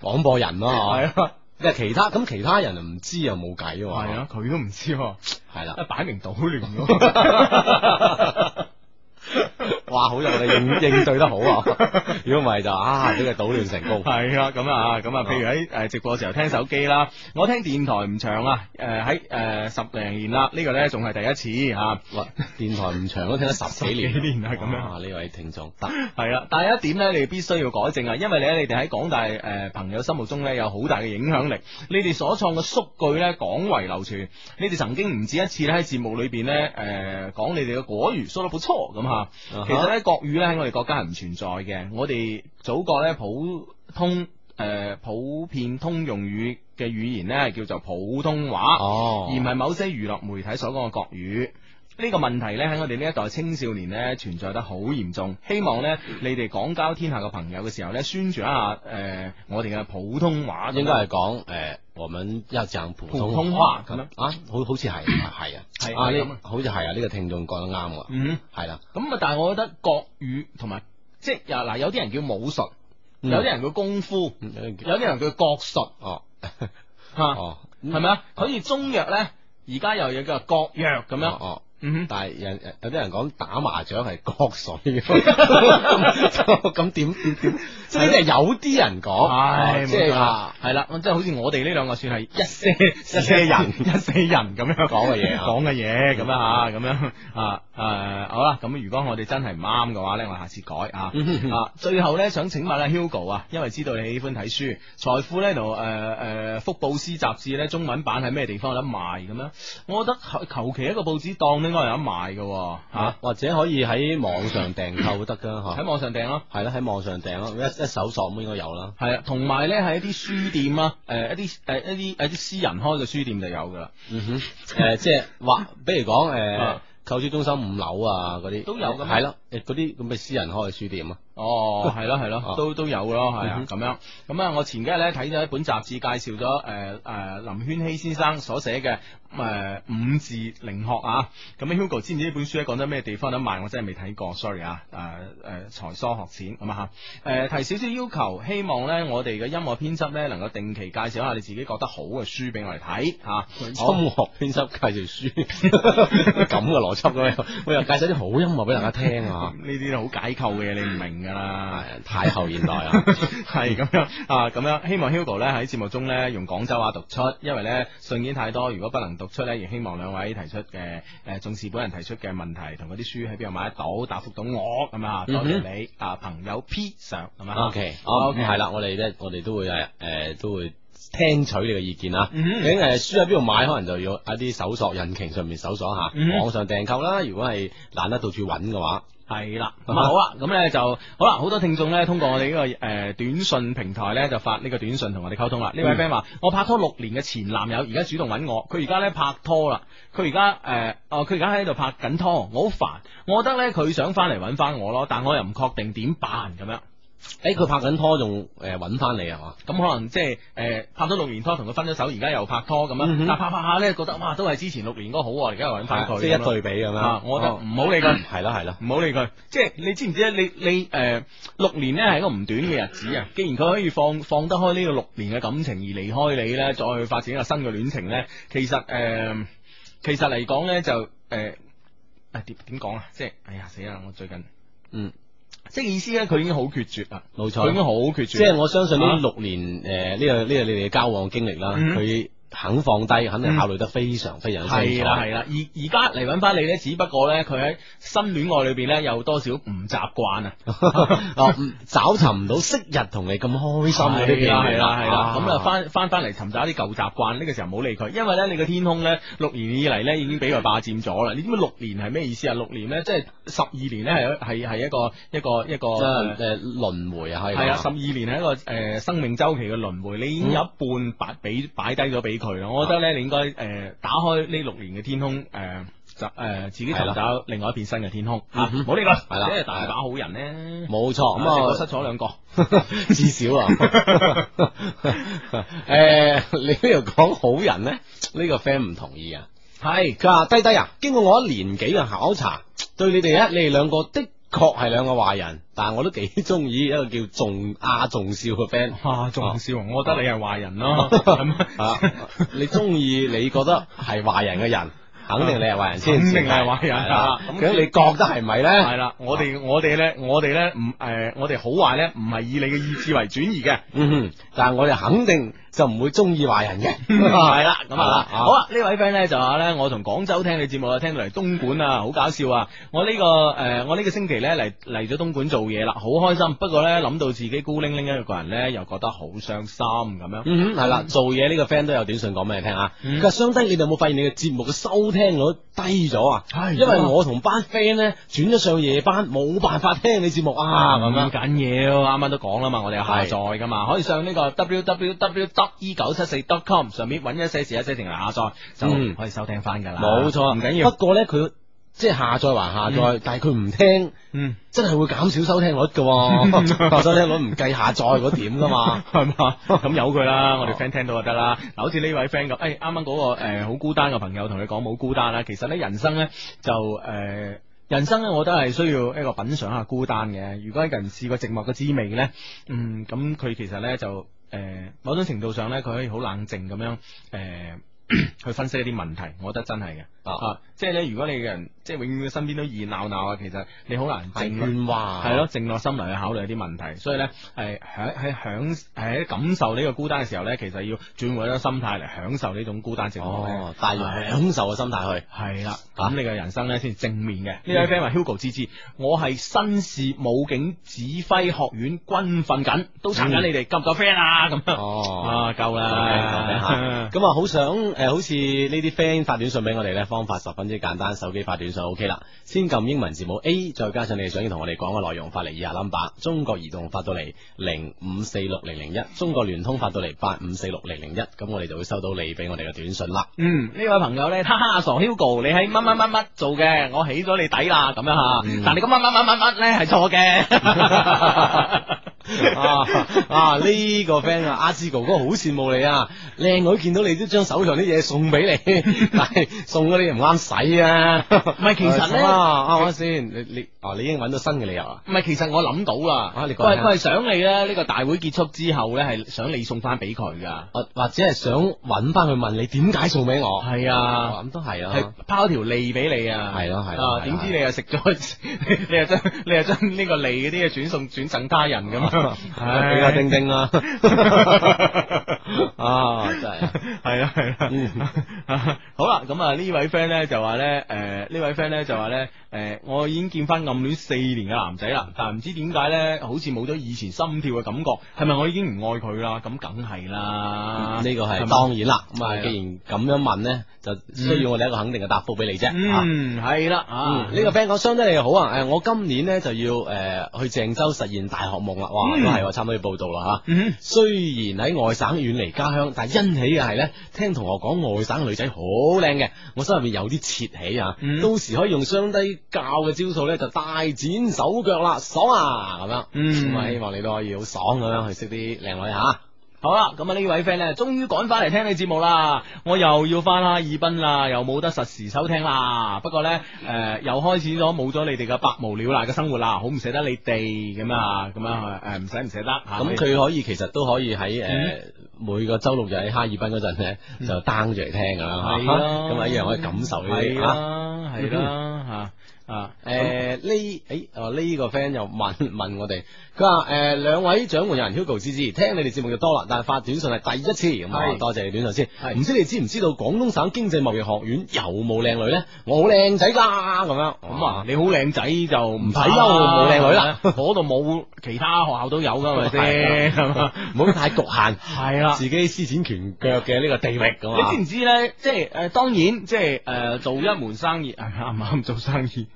廣播人咯、啊。 [LAUGHS] 其他咁，其他人唔知又冇計係啊，佢都唔知啊。係啦，擺明搗亂咯。哇！好就你應應對得好，如果唔係就啊，都係搗亂成功。係啊，咁啊，咁啊，譬如喺誒直播嘅時候聽手機啦，我聽電台唔長啊，誒喺誒十零年啦，呢、呢個呢，仲係第一次喂、啊，電台唔長都聽咗十幾年係咁啊，呢位、啊啊、聽眾，得係啦。但係一點呢，你必須要改正啊，因為你喺你哋喺廣大誒、呃、朋友心目中呢，有好大嘅影響力，你哋所創嘅縮句呢，廣為流傳，你哋曾經唔止一次呢，喺節目裏面呢，誒、呃、講你哋嘅果如說得不錯咁我咧國語喺我哋國家係唔存在嘅，我哋祖國咧普通誒、呃、普遍通用語嘅語言咧叫做普通話，哦、oh.，而唔係某些娛樂媒體所講嘅國語。呢、這個問題咧喺我哋呢一代青少年咧存在得好嚴重，希望咧你哋廣交天下嘅朋友嘅時候咧宣傳一下誒、呃、我哋嘅普通話，應該係講誒。呃我哋要講普通話咁樣啊，啊，好好似係 [COUGHS] 啊，係啊，係咁啊，好似係啊，呢、這個聽眾講得啱噶、嗯啊，嗯，係啦，咁但係我覺得國語同埋即係嗱，有啲人叫武術、嗯，有啲人叫功夫，嗯、有啲人、嗯、人叫國術，哦、嗯，吓，哦，係咪啊？好、啊、似、嗯、中藥咧，而家又有叫國藥咁樣，哦、嗯。嗯嗯嗯嗯嗯嗯嗯嗯但，但係有有啲人講打麻雀係國粹嘅。 [LAUGHS] [LAUGHS] 怎樣，咁點點點？即係有啲人講唉，即係係啦，即係、就是就是、好似我哋呢兩個算係一些 [LAUGHS] 一些人 [LAUGHS] 一些人咁樣講嘅嘢，講嘅嘢咁樣吓咁樣啊誒、啊，好啦，咁如果我哋真係唔啱嘅話咧，我下次改啊 [LAUGHS] 啊！最後咧，想請問阿 Hugo 啊，因為知道你喜歡睇書，呢《財、呃、富》咧度誒誒《福布斯》雜誌咧，中文版喺咩地方有得賣咁樣？我覺得求求其一個報紙檔咧。應該有得賣嘅吓、啊，或者可以喺網上訂購都得噶吓。喺、啊、網上訂咯，係啦，喺網上訂咯，一一搜索應該有啦。係啊，同埋咧係一啲書店啊，誒一啲誒一啲誒啲私人開嘅書店就有噶啦。嗯哼，誒即係話，比如講誒購書中心五樓啊嗰啲都有噶，係誒，嗰啲咁嘅私人開嘅書店啊？哦，係咯，係咯、啊，都都有咯，係啊，咁、嗯、樣。咁啊，我前幾日咧睇咗一本雜誌，介紹咗誒誒林軒熙先生所寫嘅誒五字靈學啊。咁 Hugo 知唔知呢本書呢講咗咩地方有得賣？我真係未睇過，sorry 啊。誒誒，才疏學淺咁啊。誒、啊啊啊，提少少要求，希望咧我哋嘅音樂編輯咧能夠定期介紹下你自己覺得好嘅書俾我嚟睇、啊、音樂編輯介紹書，咁嘅邏輯我又介紹啲好音樂俾大家聽啊。呢啲好解構嘅嘢，你唔明噶啦，太後現代了 [LAUGHS] 啊，係咁樣啊，咁樣希望 Hugo 咧喺節目中咧用廣州話讀出，因為咧信件太多，如果不能讀出咧，亦希望兩位提出嘅誒、呃、重視本人提出嘅問題，同嗰啲書喺邊度買得到，答覆到我咁、mm -hmm. 啊，我哋你啊朋友 P 上係嘛，OK，係、okay. okay. okay. mm -hmm. 啦，我哋咧我哋都會係誒、呃、都會聽取你嘅意見啊，咁、mm、誒 -hmm. 書喺邊度買，可能就要一啲搜索引擎上面搜索一下，mm -hmm. 網上訂購啦，如果係懶得到處揾嘅話。係啦，咁啊好啦，咁呢就好啦，好多聽眾呢，通過我哋呢個誒短信平台呢，就發呢個短信同我哋溝通啦。呢、嗯、位 friend 話：我拍拖六年嘅前男友而家主動搵我，佢而家呢拍拖啦，佢而家誒佢而家喺度拍緊拖，我好煩，我覺得呢，佢想翻嚟搵翻我咯，但我又唔確定點辦咁樣。誒、欸啊，佢拍緊拖仲誒搵翻你係嘛？咁可能即係誒拍咗六年拖，同佢分咗手，而家又拍拖咁樣。但拍拍下咧，覺得哇，都係之前六年嗰好，而家又搵翻佢，即係、就是、一對比咁樣。嗯、我、哦嗯、就唔好理佢，係啦係啦唔好理佢。即係你知唔知咧？你你誒、呃、六年咧係一個唔短嘅日子啊！既然佢可以放放得開呢個六年嘅感情而離開你咧，再去發展一個新嘅戀情咧，其實誒、呃、其實嚟講咧就誒誒點點講啊？即、呃、係哎、就是、哎呀死啦！我最近嗯。即係意思咧，佢已經好決絕啦。冇錯，佢已經好決絕。即係我相信呢六年誒、呢、啊呃這個呢、這個你哋嘅交往經歷啦，佢、嗯。肯放低，肯定考慮得非常非常清啦係啦，而而家嚟揾翻你呢，只不過呢，佢喺新戀愛裏邊呢，有多少唔習慣啊？ [LAUGHS] [LAUGHS] 找尋唔到昔日同你咁開心嗰啲片段，係啦係啦，咁啊翻翻翻嚟尋找啲舊習慣。呢、這個時候唔好理佢，因為呢，你個天空呢，六年以嚟呢已經俾佢霸佔咗啦。你知唔知六年係咩意思啊？六年呢，即係十二年呢，係係係一個一個一個誒輪迴啊係。係、就、啊、是，十二年係一個誒、呃、生命週期嘅輪迴，你已經有一半擺俾擺低咗俾。我覺得咧，你應該誒打開呢六年嘅天空，誒就誒自己尋找另外一片新嘅天空的、嗯嗯嗯、 [LAUGHS] 少啊！冇呢個，係啦，即係大把好人咧，冇錯。咁啊，我失咗兩個，至少誒，你呢度講好人咧，呢個 friend 唔同意啊。係，佢話低低啊，經過我一年幾嘅考察，對你哋咧、嗯，你哋兩個的。確係兩個壞人，但係我都幾中意一個叫仲亞仲少嘅 friend 哇，仲少、啊，我覺得你係壞人咯。啊 [LAUGHS] 是嗎， [LAUGHS] 你中意你覺得係壞人嘅人，肯定你係壞人先。肯定係壞人。咁你覺得係唔係咧？係啦，我哋我哋咧，我哋咧唔誒，我哋、呃、好壞咧唔係以你嘅意志為轉移嘅。嗯哼，但係我哋肯定。就唔會中意壞人嘅，係 [LAUGHS] 啦， [LAUGHS] 咁啊、就是， [LAUGHS] 好啦，呢位 friend 咧就話咧，我從廣州聽你節目啊，聽到嚟東莞啊，好搞笑啊！我呢、這個誒、呃，我呢個星期咧嚟嚟咗東莞做嘢啦，好開心， [LAUGHS] 不過咧諗到自己孤零零一個人咧，又覺得好傷心咁樣，係 [LAUGHS] 啦、嗯，做嘢呢個 friend 都有短信講俾你聽啊，咁啊，低你哋有冇發現你嘅節目嘅收聽率都低咗啊？ [LAUGHS] 因為我同班 friend 咧轉咗上夜班，冇辦法聽你節目啊，咁、嗯、樣。唔緊要，啱啱都講啦嘛，我哋有下載噶嘛，可以上呢、這個 www。e 九七四 .com 上面揾一些事一些情嚟下載、嗯、就可以收聽翻噶啦，冇錯，唔緊要。不過咧佢即係下載還下載、嗯，但係佢唔聽，嗯，真係會減少收聽率噶。 [LAUGHS] 收聽率唔計下載嗰點噶嘛，係 [LAUGHS] 嘛？咁由佢啦， [LAUGHS] 我哋 friend 聽到就得啦。嗱，好似呢位 friend 咁，誒、哎，啱啱嗰個誒好、呃、孤單嘅朋友同你講冇孤單啦，其實咧人生咧就誒，人生咧、呃，我都得係需要一個品嘗下孤單嘅。如果一有人試過寂寞嘅滋味咧，嗯，咁佢其實咧就。誒某種程度上咧，佢可以好冷靜咁樣誒去分析一啲問題，我覺得真係嘅。哦、啊！即係咧，如果你嘅人即係、就是、永遠嘅身邊都熱鬧鬧啊，其實你好難靜。係係咯，靜落心嚟去考慮啲問題。所以咧，係、呃、喺享，感受呢個孤單嘅時候咧，其實要轉換咗心態嚟享受呢種孤單情況。哦，帶享受嘅心態去。係啦，咁你嘅人生咧先正面嘅。呢位 friend 話 Hugo 芝芝，我係新市武警指揮學院軍訓緊，都查緊你哋，交唔交 friend 啊？咁哦啊夠，啊，夠、啊、啦、啊。咁啊、呃，好想誒，好似呢啲 friend 發短信俾我哋咧。方法十分之簡單，手機發短信 OK 啦。先撳英文字母 A，再加上你想要同我哋講嘅內容，發嚟以下 number：中國移動發到嚟零五四六零零一，中國聯通發到嚟八五四六零零一，咁我哋就會收到你俾我哋嘅短信啦。嗯，呢位朋友呢，哈哈，傻 Hugo，你喺乜乜乜乜做嘅？我起咗你底啦，咁樣嚇、嗯。但你咁乜乜乜乜乜呢？係錯嘅。啊 [LAUGHS] 啊！呢、啊這個 friend 啊，阿志哥哥好羨慕你，啊你，你，你啊 [LAUGHS] 啊，啊。靚女見到你都將手上啲嘢送俾你，但係送嗰啲又唔啱使啊！唔係其實咧啱啱先？你你啊，你已經揾到新嘅理由啊。唔、啊、係其實我諗到啦，喂、啊，佢係、啊、想你咧，呢個大會結束之後咧，係想你送翻俾佢噶，或者係想揾翻去問你點解送俾我？係啊，咁都係啊，係拋條脷俾你啊，係咯係，點、啊啊啊、知你又食咗、啊， [LAUGHS] 你又將你又將呢個脷嗰啲嘢轉送轉贈他人咁更加丁丁啦，啊，啊，啊，啊，定定啊， [LAUGHS] 啊，真係，係啊，係啊，啊，嗯， [LAUGHS] 好啦、啊，咁啊呢位就話咧、誒、呢位 friend 咧就話咧，誒，呢位 friend 咧就話咧。誒、呃，我已經見翻暗戀四年嘅男仔啦，但係唔知點解呢，好似冇咗以前心跳嘅感覺，係咪我已經唔愛佢啦？咁梗係啦，呢個係當然啦。咁、嗯、啊、這個，既然咁樣問呢，就需要我哋一個肯定嘅答覆俾你啫。嗯，係、啊、啦、嗯，啊，呢、嗯嗯這個 friend 講相睇你好啊。誒，我今年呢，就要誒、呃、去鄭州實現大學夢啦。哇，都、嗯、係我差唔多要報到啦吓、啊嗯。雖然喺外省遠離家鄉，但係欣喜嘅係呢，聽同學講外省女仔好靚嘅，我心入面有啲竊喜啊、嗯。到時可以用相睇。教嘅招數呢，就大展手腳啦，爽啊！咁樣，嗯，咁啊，希望你都可以好爽咁樣去識啲靚女吓、啊。好啦，咁呢位 friend 呢，終於趕翻嚟聽你節目啦、嗯，我又要翻啦二濱啦，又冇得實時收聽啦。不過呢，誒、呃，又開始咗冇咗你哋嘅百無聊賴嘅生活啦，好唔捨得你哋咁啊，咁樣誒，唔使唔捨得吓。咁佢可以、嗯、其實都可以喺誒。呃嗯每個周六就喺哈爾濱嗰陣咧，就 down 住嚟聽咁樣嚇，咁、嗯、啊一、嗯啊嗯、樣可以感受嗰啲嚇，係啦嚇啊誒呢誒哦呢個 friend 又問問我哋。佢話、呃、兩位掌門有人 Hugo 芝芝，聽你哋節目就多啦，但係發短信係第一次咁啊，多謝你短信先。唔知你知唔知道廣東省經濟貿易學院有冇靚女呢？我好靚仔㗎咁樣，咁啊你好靚仔就唔使憂冇靚女啦。嗰度冇其他學校都有㗎，咪 [LAUGHS] 先、啊，唔好、啊啊、太局限。啦、啊，自己施展拳腳嘅呢個地域咁、啊、你知唔知呢？即係誒當然即係誒做一門生意，啱唔啱做生意？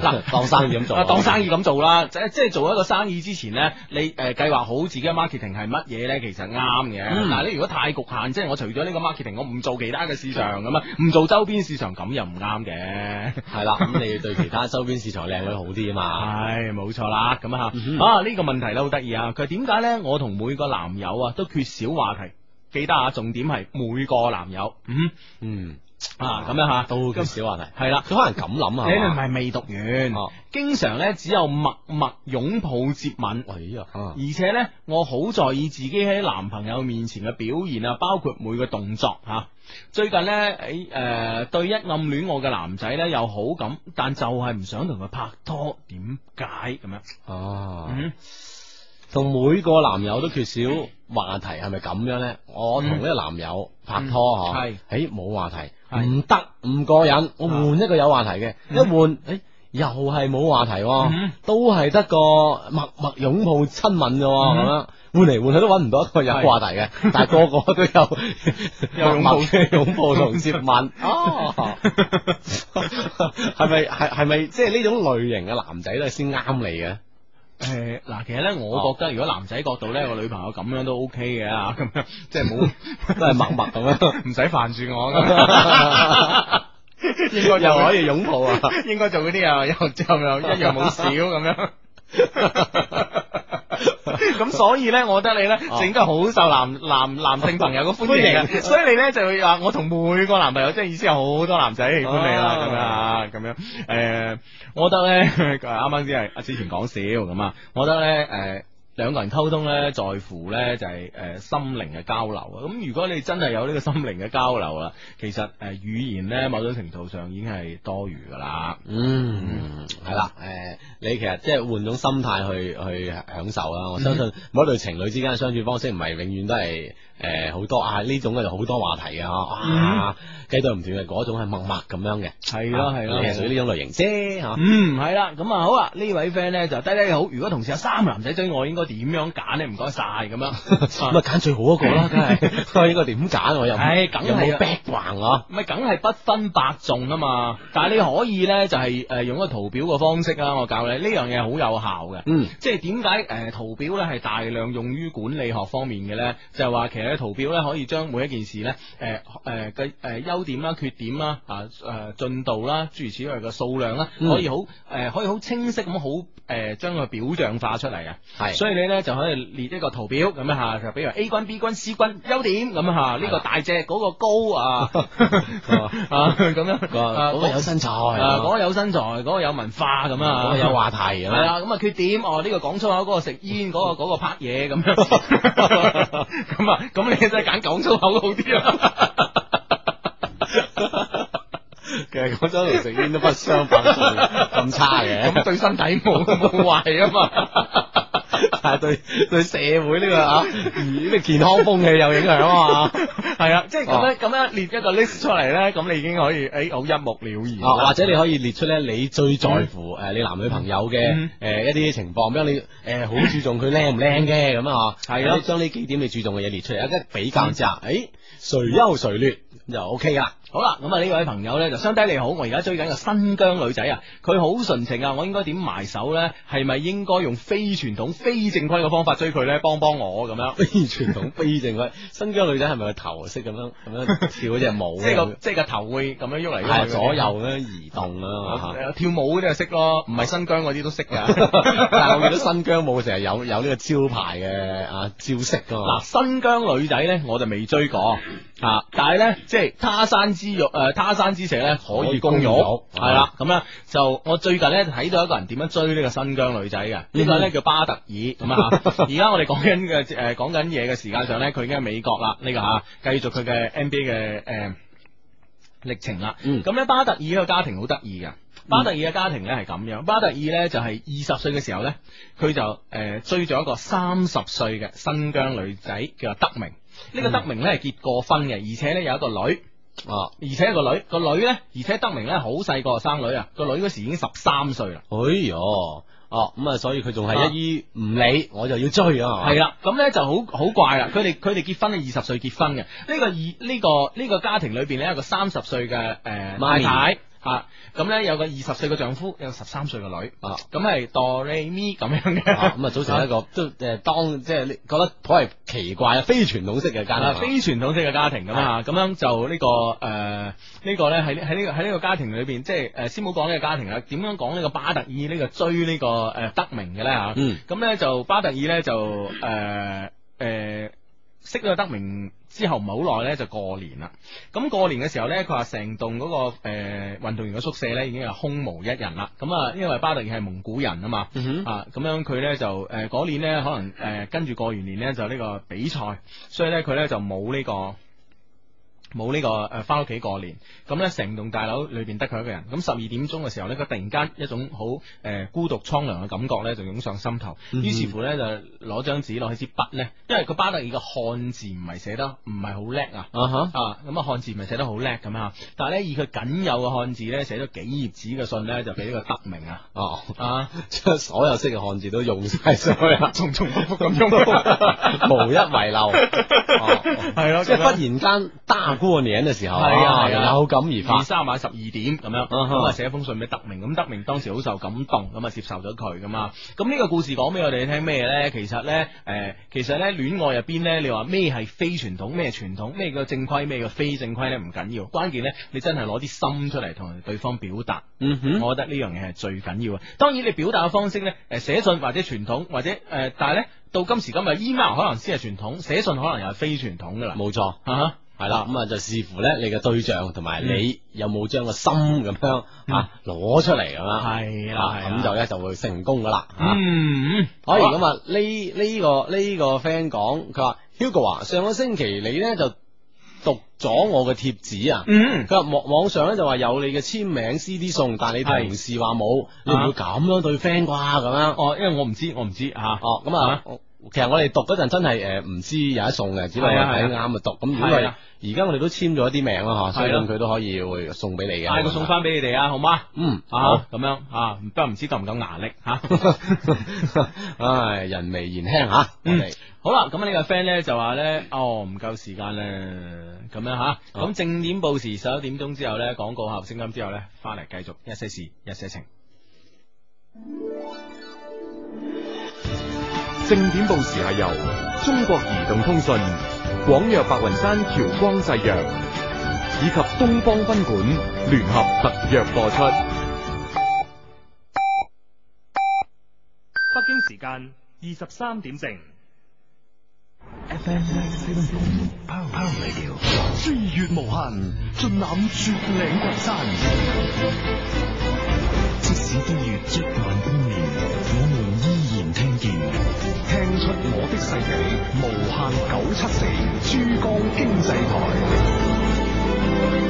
嗱， [LAUGHS] 當生意咁做， [LAUGHS] 當生意咁做啦。即係係做一個生意之前呢，你誒計劃好自己嘅 marketing 係乜嘢呢？其實啱嘅。嗱、嗯，你如果太局限，即係我除咗呢個 marketing，我唔做其他嘅市場咁啊，唔 [LAUGHS] 做周邊市場咁又唔啱嘅。係 [LAUGHS] 啦，咁你對其他周邊市場靚女好啲吖嘛？係、 [LAUGHS] 哎，冇錯啦。咁啊吓，啊呢、呢個問題咧好得意啊！佢點解呢？我同每個男友啊都缺少話題。記得啊，重點係每個男友。嗯嗯。啊，咁樣吓都咁少話題，係、嗯、啦，佢可能咁諗啊，你哋唔係未讀完，啊、經常咧只有默默擁抱接吻，啊、而且咧我好在意自己喺男朋友面前嘅表現啊，包括每個動作吓、啊。最近咧，誒、欸，誒、呃，對一暗戀我嘅男仔咧有好感，但就係唔想同佢拍拖，點解咁樣？啊，啊嗯，同每個男友都缺少話題，係咪咁樣呢？我同呢個男友拍拖嗬，係、嗯，冇、啊欸、話題。唔得，唔過癮，我換一個有話題嘅、嗯，一換，誒、欸，又係冇話題、嗯，都係得個默默擁抱親吻嘅咁樣，換嚟換去都揾唔到一個有話題嘅，但係個個都有擁抱嘅擁抱同接吻， [LAUGHS] 哦，係咪係係咪即係呢種類型嘅男仔咧先啱你嘅？誒，嗱，其實咧，我覺得如果男仔角度咧，我女朋友咁樣，OK 嘅咁樣 [LAUGHS] 都 OK 嘅，啊咁樣即係冇都係默默咁樣，唔使煩住我， [LAUGHS] [LAUGHS] 應該又可以擁抱啊， [LAUGHS] 應該做啲啊又又一樣冇少咁樣。咁 [LAUGHS] 所以咧，我覺得你咧、啊、整得好受男男男性朋友嘅歡迎、啊、所以你咧就會話我同每個男朋友，即係意思係好多男仔喜歡你啦、啊，咁樣咁樣。誒、呃，我覺得咧，啱啱先係之前講笑咁，我覺得咧誒。呃兩個人溝通呢，在乎呢就係誒心靈嘅交流啊！咁如果你真係有呢個心靈嘅交流啦，其實誒語言呢某種程度上已經係多餘噶啦。嗯，係、嗯、啦、誒，你其實即係換種心態去去享受啦。我相信每對情侶之間嘅相處方式唔係永遠都係。誒，好多啊呢種咧就好多話題啊。哇，雞都唔斷嘅，嗰種係默默咁樣嘅，係咯係咯，屬於呢種類型啫吓、啊。嗯，係啦，咁啊好啊，位呢位 friend 咧就低低好，如果同時有三個男仔追我，應該點樣揀呢？唔該晒咁樣，咁啊揀、嗯、最好一個啦，梗係都係應該點揀我又？唔梗係，有冇逼橫啊？咪梗係不分伯仲啊嘛！但係你可以咧就係誒用一個圖表嘅方式啦，我教你呢樣嘢好有效嘅。嗯，即係點解誒圖表咧係大量用於管理學方面嘅咧？就話、是、其實。嘅圖表咧，可以將每一件事咧，誒誒嘅誒優點啦、缺點啦、誒、啊、進度啦、諸如此類嘅數量啦，可以好誒，可以好清晰咁好誒，將佢表象化出嚟啊！係、嗯，所以你咧就可以列一個圖表咁樣吓，就比如 A 君、B 君、C 君優點咁樣吓，呢、這個大隻，嗰、那個高啊，咁、那、樣、個，嗰、 [LAUGHS] 那個有身材，嗰、那個有身材，那個有文化咁啊，嗰、那個、有話題啊，係啊咁啊缺點，哦、這、呢個講粗口，嗰、那個食煙，嗰、那個、那個拍嘢咁，咁 [LAUGHS] 啊、那個。咁你真係揀講粗口好啲啊！ [LAUGHS] 其實講粗口同食煙都不相伯仲咁差嘅，咁對身體冇冇壞啊嘛！ [LAUGHS] 係、啊、對對社會呢、這個啊，哎、健康風氣有影響啊嘛，係 [LAUGHS] 啊，即係咁樣咁樣一列一個 list 出嚟咧，咁你已經可以誒，好、哎、一目了然了、啊、或者你可以列出咧，你最在乎誒、嗯呃，你男女朋友嘅誒、嗯呃、一啲情況，比如你誒、呃、好,好注重佢靚唔靚嘅咁樣啊。係咯，將呢幾點你注重嘅嘢列出嚟，一比較之下，誒、嗯，誰優誰劣就 OK 啦。好啦，咁啊呢位朋友咧就相弟你好，我而家追緊個新疆女仔啊，佢好純情啊，我應該點埋手咧？係咪應該用非傳統、非正規嘅方法追佢咧？幫幫我咁樣。非傳統、非正規、 [LAUGHS] 哎啊 [LAUGHS] 啊啊，新疆女仔係咪個頭識咁樣咁樣跳嗰隻舞？即係個即係個頭會咁樣喐嚟，係左右咁移動啦。跳舞呢啲啊識咯，唔係新疆嗰啲都識噶。但係我記得新疆舞成日有有呢個招牌嘅啊招式噶。嗱，新疆女仔咧我就未追過啊，但係咧即係他山。之玉誒、呃，他山之石咧，可以攻玉，係啦。咁咧就我最近咧睇到一個人點樣追呢個新疆女仔嘅、嗯這個、呢個咧叫巴特爾咁啊。而 [LAUGHS] 家我哋講緊嘅誒，講緊嘢嘅時間上咧，佢已經喺美國啦。這個啊的的呃嗯、呢個下，繼續佢嘅 NBA 嘅誒歷程啦。咁咧巴特爾呢個家庭好得意嘅。巴特爾嘅家庭咧係咁樣，巴特爾咧就係二十歲嘅時候咧，佢就誒、呃、追咗一個三十歲嘅新疆女仔叫做德明。呢、嗯這個德明咧係結過婚嘅，而且咧有一個女。哦、啊，而且個女個女呢，而且德明呢，好細個生女啊，個女嗰時已經十三歲啦。哎喲，哦咁啊、嗯，所以佢仲係一於唔理、啊，我就要追啊。係啦，咁呢就好好怪啦。佢哋佢哋結婚呢，二十歲結婚嘅，呢、嗯這個二呢、這個呢、這個家庭裏邊呢，有一個三十歲嘅誒，太太，咪。咁、啊、咧有個二十歲嘅丈夫，有十三歲嘅女，啊，咁係哆唻咪咁樣嘅，咁啊組成一個、啊、當，誒當即係你覺得頗為奇怪常啊，非傳統式嘅家，非傳統式嘅家庭咁啊，咁樣、啊、樣就、這個呃這個、呢、這個誒呢個咧喺喺呢個喺呢個家庭裏邊，即係誒先冇講呢個家庭啊，點樣講呢個巴特爾呢、這個追、這個呃、呢個誒德明嘅咧吓？嗯、啊，咁咧就巴特爾咧就誒誒、呃呃、識咗德明。之後唔係好耐呢，就過年啦，咁過年嘅時候呢，佢話成棟嗰個誒運、呃、動員嘅宿舍呢，已經係空無一人啦。咁啊，因為巴特爾係蒙古人啊嘛，嗯、哼啊咁樣佢呢就誒嗰年呢，可能誒、呃、跟住過完年呢，就呢個比賽，所以呢，佢呢就冇呢、呢個。冇呢個誒，翻屋企過年，咁咧成棟大樓裏邊得佢一個人，咁十二點鐘嘅時候咧，佢突然間一種好誒孤獨蒼涼嘅感覺咧，就湧上心頭，嗯、於是乎咧就攞張紙攞支筆咧，因為佢巴特爾嘅漢字唔係寫得唔係好叻啊，啊咁啊漢字唔係寫得好叻咁啊，但係咧以佢僅有嘅漢字咧，寫咗幾頁紙嘅信咧，就俾個德明啊，啊將所有識嘅漢字都用曬，所有重重複複咁樣，無一遺漏，係咯，即係忽然間單。過年嘅時候，係啊，啊，有、啊啊、感而發，二三晚十二點咁樣，咁啊寫封信俾德明，咁德明當時好受感動，咁啊接受咗佢㗎嘛。咁呢個故事講俾我哋聽咩呢？其實呢，誒、呃，其實呢，戀愛入邊呢，你話咩係非傳統，咩傳統，咩叫正規，咩叫非正規呢？唔緊要，關鍵呢，你真係攞啲心出嚟同對方表達。Uh -huh. 我覺得呢樣嘢係最緊要嘅。當然，你表達嘅方式呢，誒，寫信或者傳統或者誒、呃，但係呢，到今時今日，email 可能先係傳統，寫信可能又係非傳統噶啦。冇錯，uh -huh. 係啦，咁啊就視乎咧你嘅對象同埋你有冇將個心咁樣啊攞出嚟咁啦，係、嗯、啦，咁就咧就會成功噶啦。嗯，可以。咁啊呢呢個呢、呢個 friend 講，佢話 Hugo 啊，上個星期你咧就讀咗我嘅貼紙啊，嗯，佢話網網上咧就話有你嘅簽名 CD 送，但係你同事話冇，你唔會咁樣對 friend 啩咁樣。哦、嗯，因為我唔知，我唔知吓。哦、嗯，咁啊。嗯其實我哋讀嗰陣真係誒唔知有得送嘅，只不過睇啱啊讀。咁如果係而家我哋都簽咗啲名啦、啊、所以信佢都可以會送俾你嘅、啊。送翻俾你哋啊，好唔好啊？嗯、咁、啊哦啊哦、樣啊，不過唔知夠唔夠牙力吓。唉、啊， [LAUGHS] 人微言輕吓、啊嗯嗯嗯。好啦，咁呢個 friend 咧就話咧，哦，唔夠時間咧，咁樣吓。咁、啊嗯、正點報時十一點鐘之後咧，廣告下，聲音之後咧，翻嚟繼續一些事一些情。正點報時係由中國移動通訊、廣藥白雲山、僑光製藥以及東方賓館聯合特約播出。北京時間二十三點正。7, Powerful. Powerful. 飛躍無限，盡攬絕嶺群山。即使經越一萬出我的世界，無限九七四，珠江經濟台。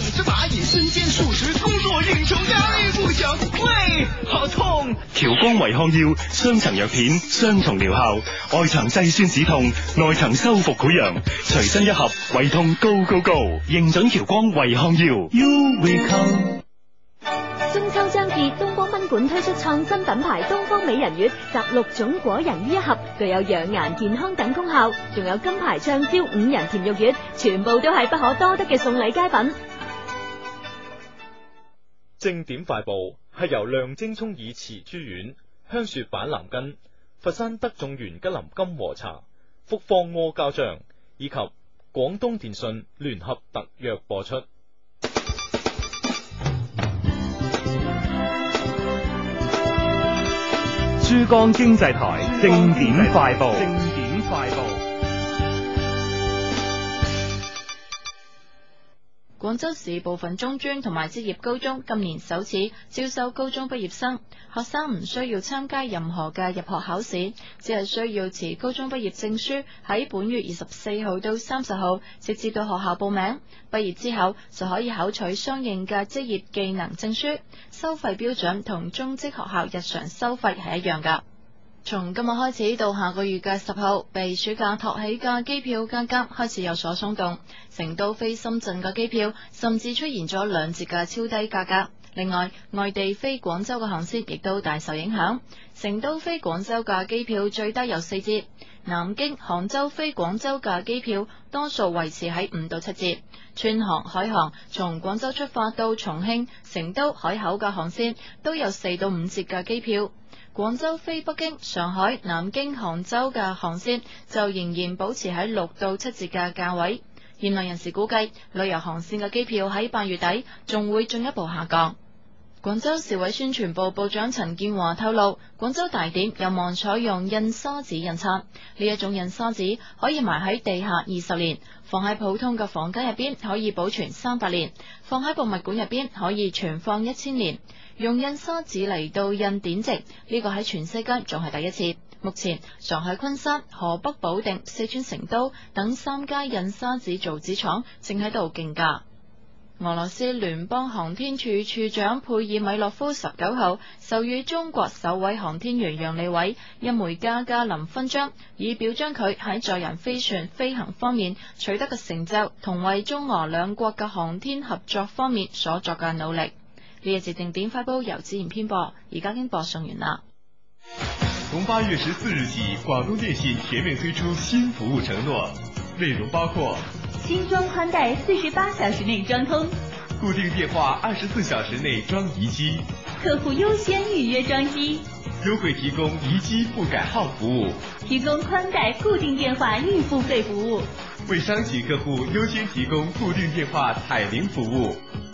隻螞蟻身兼數職，工作應酬壓力不小，喂，好痛！喬光胃康藥，雙層藥片，雙重療效，外層制酸止痛，內層修復潰瘍，隨身一盒，胃痛高高高高，認準喬光胃康藥 You will come 中秋將至，東方賓館推出創新品牌東方美人月，集六種果仁於一盒，具有養顏、健康等功效，仲有金牌暢銷五仁甜肉月，全部都係不可多得嘅送禮佳品。正點快報係由梁晶聰、以慈珠丸、香雪板藍根、佛山德眾園吉林金和茶、複方阿膠漿以及廣東電信聯合特約播出。珠江經濟台正點快報。廣州市部分中專同埋職業高中今年首次招收高中畢業生，學生唔需要參加任何嘅入學考試，只係需要持高中畢業證書喺本月二十四號到三十號直接到學校報名。畢業之後就可以考取相應嘅職業技能證書，收費標準同中職學校日常收費係一樣噶。從今日開始到下個月嘅十號，被暑假托起嘅機票價格開始有所鬆動。成都飛深圳嘅機票甚至出現咗兩折嘅超低價格。另外，外地飛廣州嘅航線亦都大受影響。成都飛廣州嘅機票最低有四折，南京、杭州飛廣州嘅機票多數維持喺五到七折。川航、海航從廣州出發到重慶、成都、海口嘅航線都有四到五折嘅機票。廣州飛北京、上海、南京、杭州嘅航線就仍然保持喺六到七折嘅價位。業內人士估計，旅遊航線嘅機票喺八月底仲會進一步下降。廣州市委宣傳部部長陳建華透露，廣州大典有望採用印沙紙印刷。呢一種印沙紙可以埋喺地下二十年，放喺普通嘅房間入邊可以保存三百年，放喺博物館入邊可以存放一千年。用印沙紙嚟到印典籍，呢個喺全世界仲係第一次。目前，上海昆山、河北保定、四川成都等三家印沙紙造紙廠正喺度競價。俄羅斯聯邦航天署署長佩爾米洛夫十九號授予中國首位航天員楊利偉一枚加加林勳章，以表彰佢喺載人飛船飛行方面取得嘅成就，同為中俄兩國嘅航天合作方面所作嘅努力。每日定點發布由自然編播，而家已經播送完啦。從八月十四日起，廣東電信全面推出新服務承諾，內容包括：新裝寬帶四十八小時內裝通，固定電話二十四小時內裝移機，客戶優先預約裝機，優惠提供移機不改號服務，提供寬帶、固定電話預付費服務，為商企客戶優先提供固定電話彩鈴服務。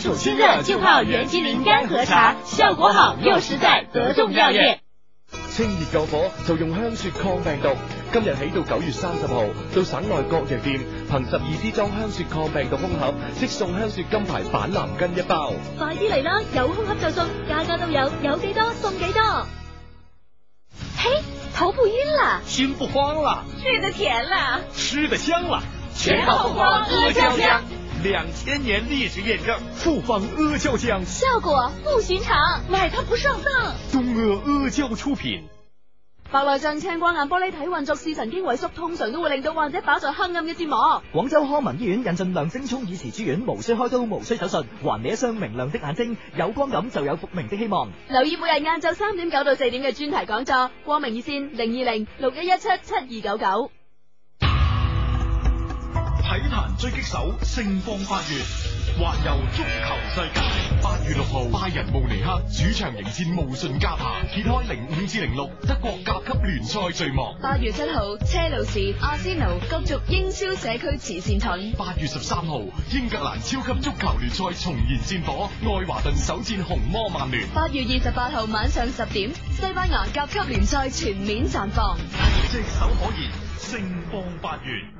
暑清熱就泡源吉林甘和茶，茶，效果好又實在，德眾藥業。清熱救火就用香雪抗病毒，今日起到九月三十號，到省內各藥店憑十二支裝香雪抗病毒空盒，即送香雪金牌板藍根一包。快啲嚟啦，有空盒就送，家家都有，有幾多送幾多。嘿，頭不暈了，心不慌了，睡得甜了，吃得香了，全靠阿膠漿兩千年歷史驗證，複方阿膠漿效果不尋常，買它不上當。東阿阿膠出品。白內障、青光眼、玻璃體混濁、視神經萎縮，通常都會令到患者飽受黑暗嘅折磨。廣州康民醫院引進亮睛聰耳形住院，無需開刀，無需手術，還你一雙明亮的眼睛。有光感就有復明的希望。留意每日晏晝三點九到四點嘅專題講座，光明熱線零二零六一一七七二九九。體壇追擊手，盛放八月，環遊足球世界。八月六號，拜仁慕尼黑主場迎戰慕遜加柏，揭開零五至零六德國甲級聯賽序幕。八月七號，車路士、阿仙奴角逐英超社區慈善盾。八月十三號，英格蘭超級足球聯賽重燃戰火，愛華頓首戰紅魔曼聯。八月二十八號晚上十點，西班牙甲級聯賽全面綻放，只手可言，盛放八月。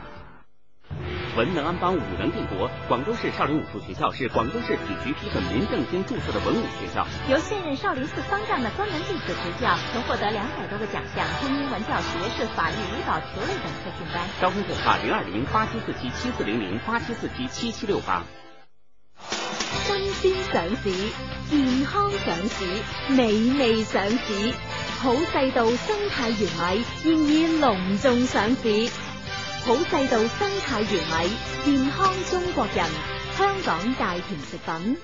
文能安邦，武能定國。廣州市少林武術學校是廣州市體育局批准、民政廳注冊的文武學校，由現任少林寺方丈的專門弟子執教，曾獲得兩百多個獎項。中英文教學士、設法律、舞蹈、球類等特訓班。招生電話：零二零八七四七七四零零八七四七七七六八。新鮮上市，健康上市，美味上市，好味道，生態完美，現已隆重上市。好制度，生態完美，健康中國人。香港大田食品，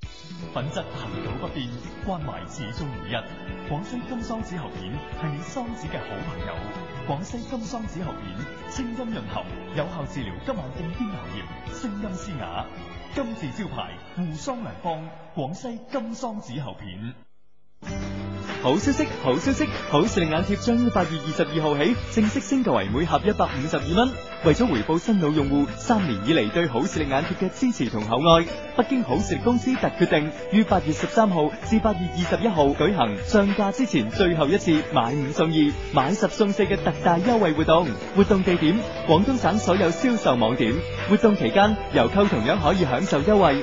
品質恒久不變，關懷始終如一。廣西金桑子喉片係你桑子嘅好朋友。廣西金桑子喉片，清音潤喉，有效治療急慢性咽喉炎，聲音嘶啞。金字招牌，護桑良方，廣西金桑子喉片。好消息，好消息，好視力眼貼將於八月二十二號起正式升價為每盒一百五十二蚊。為咗回報新老用戶三年以嚟對好視力眼貼嘅支持同厚愛，北京好視力公司特決定於八月十三號至八月二十一號舉行上架之前最後一次買五送二、買十送四嘅特大優惠活動。活動地點：廣東省所有銷售網點。活動期間，郵購同樣可以享受優惠。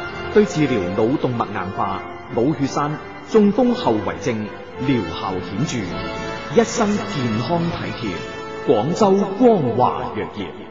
對治療腦動脈硬化、腦血栓、中風後遺症療效顯著，一生健康體貼，廣州光華藥業。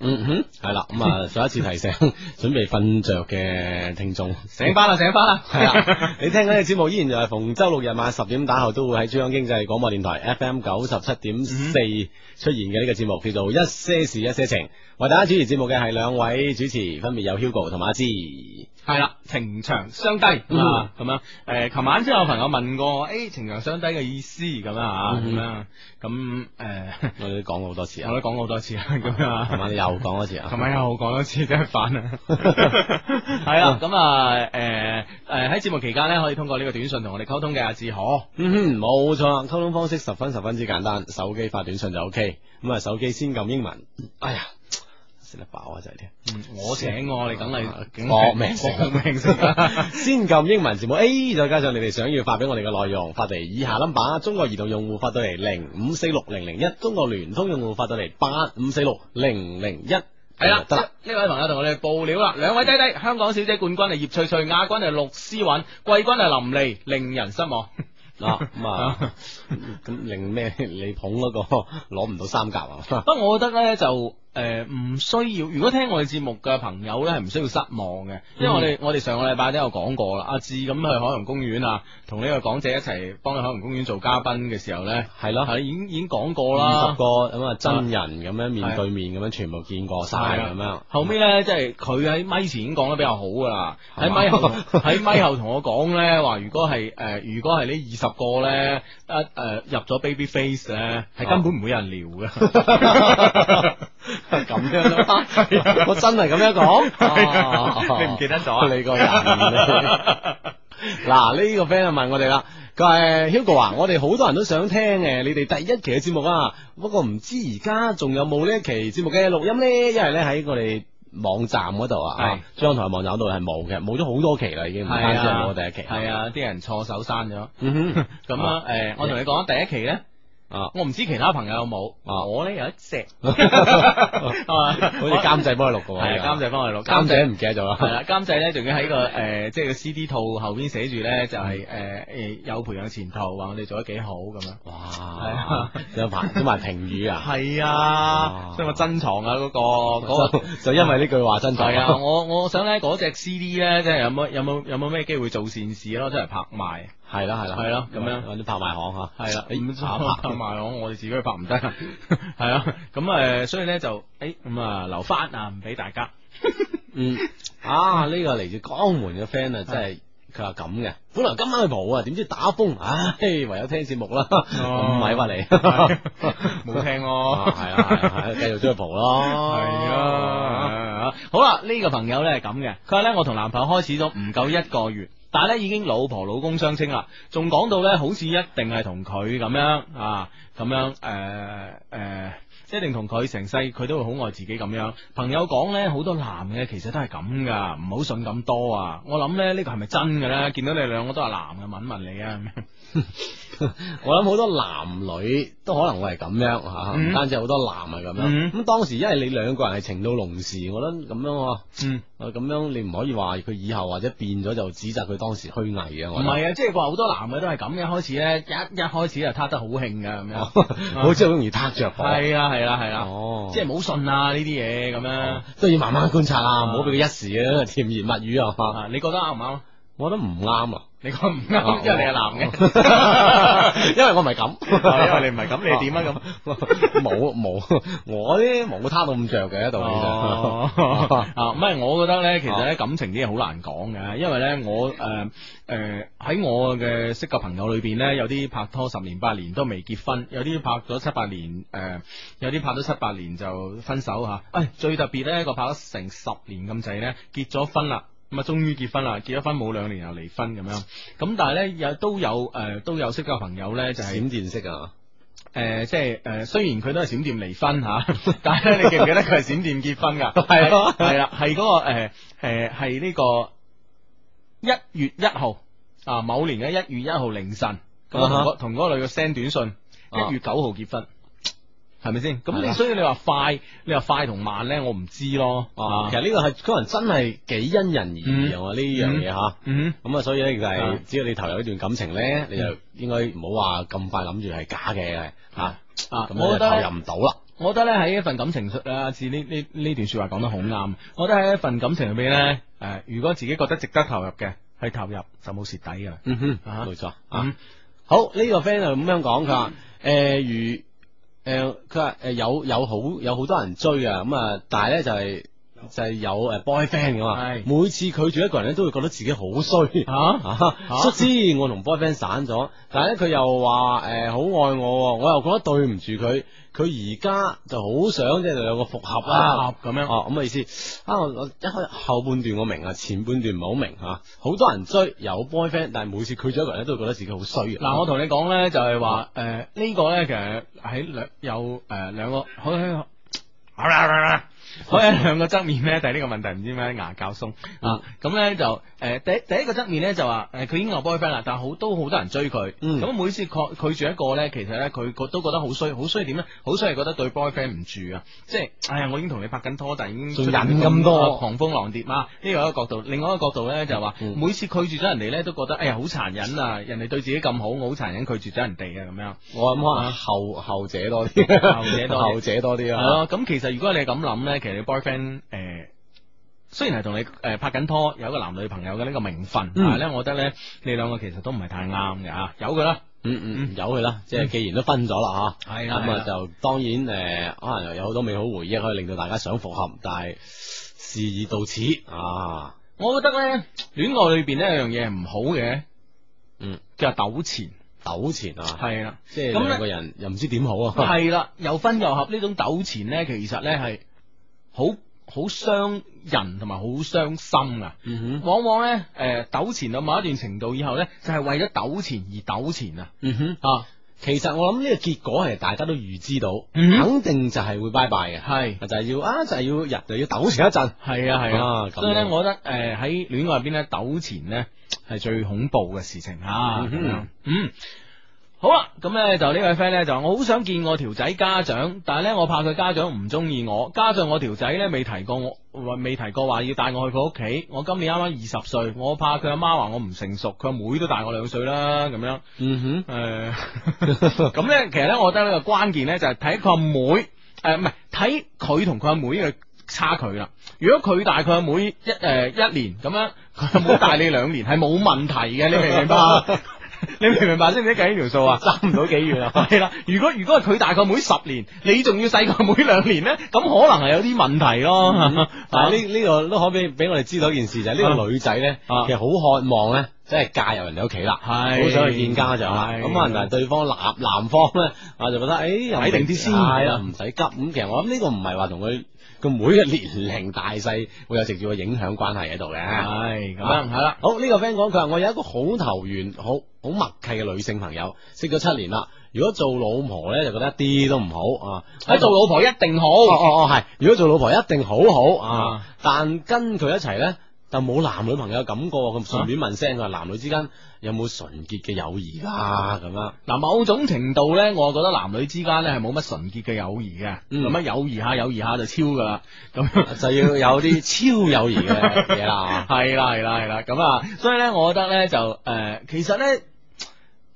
嗯哼，係 [COUGHS] 啦，咁啊，再 [COUGHS] 一次提醒準備瞓着嘅聽眾， [LAUGHS] 醒翻啦，醒翻啦，係啦。你聽緊嘅節目依然就係逢周六日晚十點打後都會喺珠江經濟廣播電台 F M 九十七點四出現嘅呢個節目，叫做 [COUGHS] 一些事一些情。為大家主持節目嘅係兩位主持，分別有 Hugo 同阿芝。係啦、啊，情長相低咁啊，咁、mm. 樣誒，琴、呃、晚先有朋友問過，誒、哎，情長相低嘅意思咁啊吓咁啊，咁、mm、誒 -hmm. 呃，我都講過好多次，多次啊，我都講過好多次，多次 [LAUGHS] [LAUGHS] [LAUGHS] 啊，咁、嗯、樣，琴晚又講多次啊，琴晚又講多次，真係煩啊，係啊咁啊，誒，誒，喺節目期間咧，可以通過呢個短信同我哋溝通嘅阿志可，嗯哼，冇錯，溝通方式十分十分之簡單，手機發短信就 OK，咁啊，手機先撳英文，哎呀～食得飽啊！就係啲，我請我、啊、你梗係國明，明，明，明，明，明，明，明 [LAUGHS] 先，先撳英文字母 A，再加上你哋想要發俾我哋嘅內容發嚟，以下 number，中國移動用戶發到嚟零五四六零零一，46001, 中國聯通用戶發到嚟八五四六零零一，係啦，得、嗯、呢位朋友同我哋報料啦，兩位低低，香港小姐冠軍係葉翠翠，亞軍係陸詩韻，季軍係林莉，令人失望嗱，咁啊，咁、啊啊啊、 [LAUGHS] 令咩？你捧嗰個攞唔到三甲啊？ [LAUGHS] 不過，我覺得咧就。誒、呃，唔需要。如果聽我哋節目嘅朋友呢，係唔需要失望嘅，因為我哋、嗯、我哋上個禮拜都有講過啦。阿志咁去海洋公園啊，同呢個港姐一齊幫佢海洋公園做嘉賓嘅時候呢，係咯，係已經已經講過啦，二十個咁啊真人咁樣面對面咁樣全部見過晒咁樣。後尾呢、嗯、即係佢喺咪前已經講得比較好噶啦，喺咪後喺咪後同 [LAUGHS] 我講呢，話如果係誒、呃，如果係呢二十個呢，誒、呃、入咗 Baby Face 呢，係根本唔會有人聊嘅。 [LAUGHS] [LAUGHS] 咁樣咯， [LAUGHS] 我真係咁樣講， [LAUGHS] oh，你唔記得咗？你、 [LAUGHS] 這個人，嗱呢個 friend 又問我哋啦，佢話 Hugo 啊，我哋好多人都想聽誒，你哋第一期嘅節目啊，不過唔知而家仲有冇呢一期節目嘅錄音咧？因為咧喺我哋網站嗰度啊，珠江台網站嗰度係冇嘅，冇咗好多期啦已經，刪咗我第一期，係、嗯、 [LAUGHS] 啊，啲人錯手刪咗，咁啊，誒，我同你講第一期咧。啊！我唔知其他朋友有冇、啊，我咧有一隻，好似監製幫佢錄嘅喎，係啊！監製幫佢錄，監製唔記得咗啦。係啦、啊，監製咧仲要喺個誒、呃，即係個 C D 套後邊寫住咧，就係誒誒有培養前途，話我哋做得幾好咁樣。哇！啊、有埋有埋評語啊！係 [LAUGHS] 啊，所以我珍藏啊嗰、那個嗰、那個、 [LAUGHS] 就因為呢句話珍藏。係啊， [LAUGHS] 啊，我我想咧嗰隻 C D 咧，即係有冇有冇有冇咩機會做善事咯，即係拍賣。係啦，係啦，係啦，咁樣揾啲拍賣行吓，係啦，拍賣拍賣行，拍拍拍拍我哋自己去拍唔得，係 [LAUGHS] 啊，咁誒、呃，所以咧就，誒，咁留翻，啊，唔俾大家，嗯，啊，呢、啊這個嚟自江門嘅 friend 啊，真係，佢話咁嘅，本來今晚去蒲啊，點知打風，嘿、哎，唯有聽節目啦，唔係翻嚟，冇聽，係啊，繼、 [LAUGHS] 啊啊、續出去蒲咯，係啊，係係係係好啦，呢、這個朋友咧係咁嘅，佢話咧我同男朋友開始咗唔夠一個月。但係咧，已經老婆老公相稱啦，仲講到咧，好似一定係同佢咁樣啊，咁樣誒誒。呃呃即係定同佢成世佢都會好愛自己咁樣。朋友講咧，好多男嘅其實都係咁噶，唔好信咁多啊！我諗咧呢、這個係咪真嘅咧？見到你兩個都係男嘅，問問你、啊。 [LAUGHS] 我諗好多男女都可能會係咁樣吓，唔、嗯、單止好多男係咁樣。咁、嗯、當時因為你兩個人係情到濃時，我覺得咁樣喎、啊。咁、嗯、樣你唔可以話佢以後或者變咗就指責佢當時虛偽啊！唔係啊，即係話好多男嘅都係咁，一開始咧一一開始就撻得好興噶咁樣， [LAUGHS] [LAUGHS] 好似好容易撻着係啊。係啦係啦，哦，即係唔好信啊呢啲嘢咁樣都、嗯、要慢慢觀察啊，唔好俾佢一時啊甜言蜜語啊，啊你覺得啱唔啱？我覺得唔啱啊。你講唔啱，因為你係男嘅，因為我唔係咁， [LAUGHS] 因為你唔係咁，你點啊咁？冇 [LAUGHS] 冇， [LAUGHS] 我啲冇拖到咁著嘅，到其實啊，唔啊，啊，啊，啊，我覺得咧，其實咧、啊、感情啲嘢好難講嘅，因為咧我誒誒喺我嘅識嘅朋友裏邊咧，有啲拍拖十年八年都未結婚，有啲拍咗七八年，誒、呃，有啲拍咗七八年就分手吓，誒、哎，最特別咧一個拍咗成十年咁滯咧結咗婚啦。咁啊，終於結婚啦！結咗婚冇兩年又離婚咁樣。咁但係咧，有都有誒，都有、呃、都有識嘅朋友咧就係、係、閃電式啊！誒、呃，即係誒，雖然佢都係閃電離婚吓， [LAUGHS] 但係咧，你記唔記得佢係閃電結婚噶？係 [LAUGHS] 咯，係啦，係嗰、嗰個誒誒，係、呃、呢、呢個一月一號啊，某年嘅一月一號凌晨，咁、uh、同 -huh. 同個女嘅 send 短信，一月九號結婚。係咪先？咁你所以你話快，你話快同慢咧，我唔知咯。啊，其實呢個係可能真係幾因人而異、嗯嗯、啊呢樣嘢吓。咁、嗯、啊，所以咧就係，只要你投入一段感情咧、嗯，你就應該唔好話咁快諗住係假嘅，吓啊咁得、啊、投入唔到啦。我覺得咧喺一份感情啊，似呢呢呢段說話講得好啱、嗯。我覺得喺一份感情入邊咧，誒、呃，如果自己覺得值得投入嘅，去投入就冇蝕底㗎。嗯哼，冇、啊、錯、啊嗯、好，呢、這個 friend 就咁樣講，㗎、嗯。誒、呃、如。誒、呃，佢話誒有有好有好多人追啊，咁啊，但係咧就係、是、就係、是、有誒 boyfriend 噶嘛。係每次拒絕一個人咧都會覺得自己好衰吓啊，卒、啊、之、啊、我同 boyfriend 散咗，但係咧佢又話誒好愛我，我又覺得對唔住佢。佢而家就好想即係兩個複合啦，啊啊，咁樣哦，咁、啊、嘅意思啊，我一開後半段我明啊，前半段唔係好明啊，好多人追有 boyfriend，但係每次拒咗一個人咧，都覺得自己好衰嘅。嗱、啊，我同你講咧，就係話誒呢個咧，其實喺兩有誒兩、呃、個，好好，好，好，好，好我有 [MUSIC] 兩個側面咧，提呢個問題，唔知咩牙教松啊？咁、嗯、咧、嗯嗯、就、呃、第一第一個側面咧就話佢、呃、已經有 boyfriend 啦，但係好都好多人追佢，咁、嗯、每次拒拒絕一個咧，其實咧佢覺都覺得好衰，好衰點咧？好衰係覺得對 boyfriend 唔住啊！即係哎呀，我已經同你拍緊拖，但已經出咁多狂蜂浪蝶啊！呢、呢個一個角度，另外一個角度咧、嗯嗯、就話每次拒絕咗人哋咧，都覺得哎呀好殘忍啊！人哋對自己咁好，我好殘忍拒絕咗人哋啊！咁樣、嗯、我諗可能後後者多啲，後者多啲 [LAUGHS] [LAUGHS] 啊！咁、啊啊嗯、其實如果你係咁諗咧，你 boyfriend 誒、呃，雖然係同你誒拍緊拖，有個男女朋友嘅呢個名分，嗯、但係咧，我覺得咧，你兩個其實都唔係太啱嘅吓，有佢啦，嗯嗯，嗯有佢啦、嗯，即係既然都分咗啦，吓係啦，咁啊，就當然誒、呃，可能又有好多美好回憶，可以令到大家想復合，但係事已到此啊，我覺得咧，戀愛裏邊咧有樣嘢係唔好嘅，嗯即是，叫做糾纏，糾纏啊，係啦，即係兩個人又唔知點好啊是，係啦，又分又合這種呢種糾纏咧，其實咧係。是好好傷人同埋好傷心啊，往往呢，誒、呃，糾纏到某一段程度以後呢，就係、是、為咗糾纏而糾纏啊！啊，其實我諗呢個結果係大家都預知到，嗯、肯定就係會拜拜嘅，係就係要啊，就係、是、要入就是、要糾纏、就是就是、一陣，係啊係、啊啊，所以呢，嗯、我覺得誒喺戀愛入邊呢糾纏呢係最恐怖嘅事情吓、啊嗯，嗯。嗯好啦，啊，咁咧就呢位 friend 咧就我好想見我條仔家長，但係咧我怕佢家長唔中意我，加上我條仔咧未提過我，未提過話要帶我去佢屋企。我今年啱啱二十歲，我怕佢阿媽話我唔成熟，佢阿妹，妹都大我兩歲啦，咁樣。嗯哼，誒、呃，咁 [LAUGHS] 咧其實咧，我覺得鍵呢個關鍵咧就係睇佢阿妹，誒唔係睇佢同佢阿妹嘅差距啦。如果佢大佢阿妹一誒、呃、一年咁樣，佢大你兩年係冇問題嘅， [LAUGHS] 你明唔明白？ [LAUGHS] 你明唔明白？識唔識計呢條數啊？差唔到幾遠啊！係啦，如果如果係佢大概每十年，你仲要細個每兩年咧，咁可能係有啲問題咯。嗯、 [LAUGHS] 但係呢呢個都可俾俾我哋知道一件事，就係、是、呢個女仔咧、啊，其實好渴望咧，即、就、係、是、嫁入人哋屋企啦，係好想去見家長啦，咁可能但係對方男男方咧，啊就覺得誒，睇、哎、定啲先，係唔使急。咁、啊、其實我諗呢個唔係話同佢。個每個年齡大細會有直接嘅影響關係喺度嘅，係咁樣係啦。好呢、這個 friend 講佢話我有一個好投緣、好好默契嘅女性朋友，識咗七年啦。如果做老婆呢，就覺得一啲都唔好啊。喺做老婆一定好，哦 [LAUGHS] 哦哦，係、哦。如果做老婆一定好好啊， [LAUGHS] 但跟佢一齊呢。但冇男女朋友感覺，咁順便問聲，話男女之間有冇純潔嘅友誼啦？咁啊，嗱、啊，某種程度咧，我覺得男女之間咧係冇乜純潔嘅友誼嘅，嗯，咁啊，友誼下友誼下就超噶啦，咁、嗯、就要有啲超友誼嘅嘢啦，係啦係啦係啦，咁啊，所以咧，我覺得咧就、呃、其實咧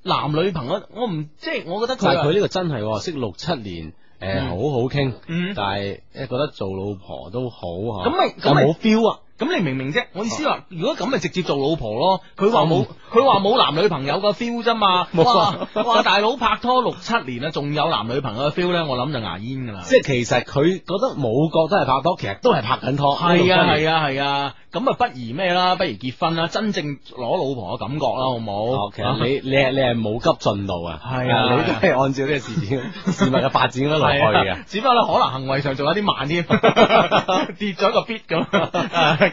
男女朋友，我唔即係，就是、我覺得佢佢呢個真係識六七年，嗯呃、好好傾、嗯，但係覺得做老婆都好、就是、啊。咁咪冇 feel 啊？咁你明唔明啫，我意思話，如果咁咪直接做老婆咯。佢話冇，佢話冇男女朋友嘅 feel 啫嘛。 [LAUGHS] 哇，話大佬拍拖六七年啦，仲有男女朋友嘅 feel 咧，我諗就牙煙噶啦。即係其實佢覺得冇覺得係拍拖，其實都係拍緊拖。係啊係啊係啊，咁啊，啊，啊，啊不如咩啦，不如結婚啦，真正攞老婆嘅感覺啦，好冇？哦、okay, [LAUGHS] 其實你你係你係冇急進度啊？係啊，你都係按照呢個事件 [LAUGHS] 事物嘅發展落去嘅，只不過可能行為上仲有啲慢啲，跌 [LAUGHS] 咗 [LAUGHS] 個 beat 咁。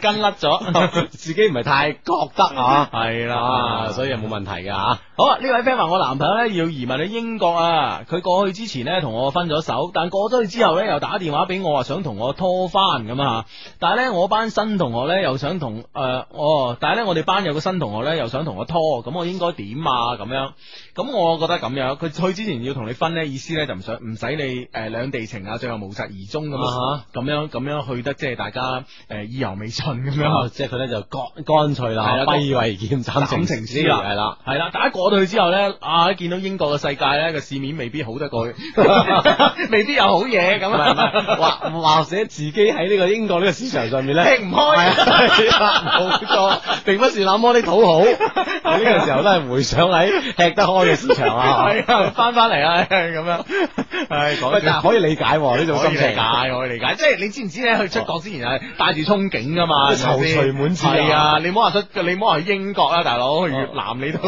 [LAUGHS] 跟甩咗，自己唔係太覺得啊，係 [LAUGHS] 啦，所以冇問題嘅吓，好，呢位 friend 話我男朋友呢要移民去英國啊，佢過去之前呢，同我分咗手，但過咗去之後呢，又打電話俾我話想同我拖翻咁啊，但係呢，我班新同學呢，又想同誒，我、呃哦，但係呢我哋班有個新同學呢又想同我拖，咁我應該點啊？咁樣，咁我覺得咁樣，佢去之前要同你分呢意思呢，就唔想唔使你誒兩地情啊，最後無疾而終咁、啊、樣。咁樣咁樣去得即係大家誒意猶未盡。咁樣，即係佢咧就乾、是、乾脆啦，揮慧劍斬情絲啦，係啦，係啦。大家過到去之後咧，一、啊、見到英國嘅世界咧，個市面未必好得過去， [LAUGHS] 未必有好嘢咁。或或者自己喺呢個英國呢個市場上面咧，吃唔開，冇、啊、 [LAUGHS] 錯，並不是那麼啲討好。喺 [LAUGHS] 呢個時候都係回想喺吃得開嘅市場 [LAUGHS] 啊，翻翻嚟咁樣，唉、啊，可以理解呢種心情，可以理解，可以理解。理解 [LAUGHS] 即係你知唔知咧？佢出國之前係帶住憧憬㗎。嘛，躊躇滿志係啊！你唔好話出，你唔好話英國啦、啊，大佬去、啊、越南你都，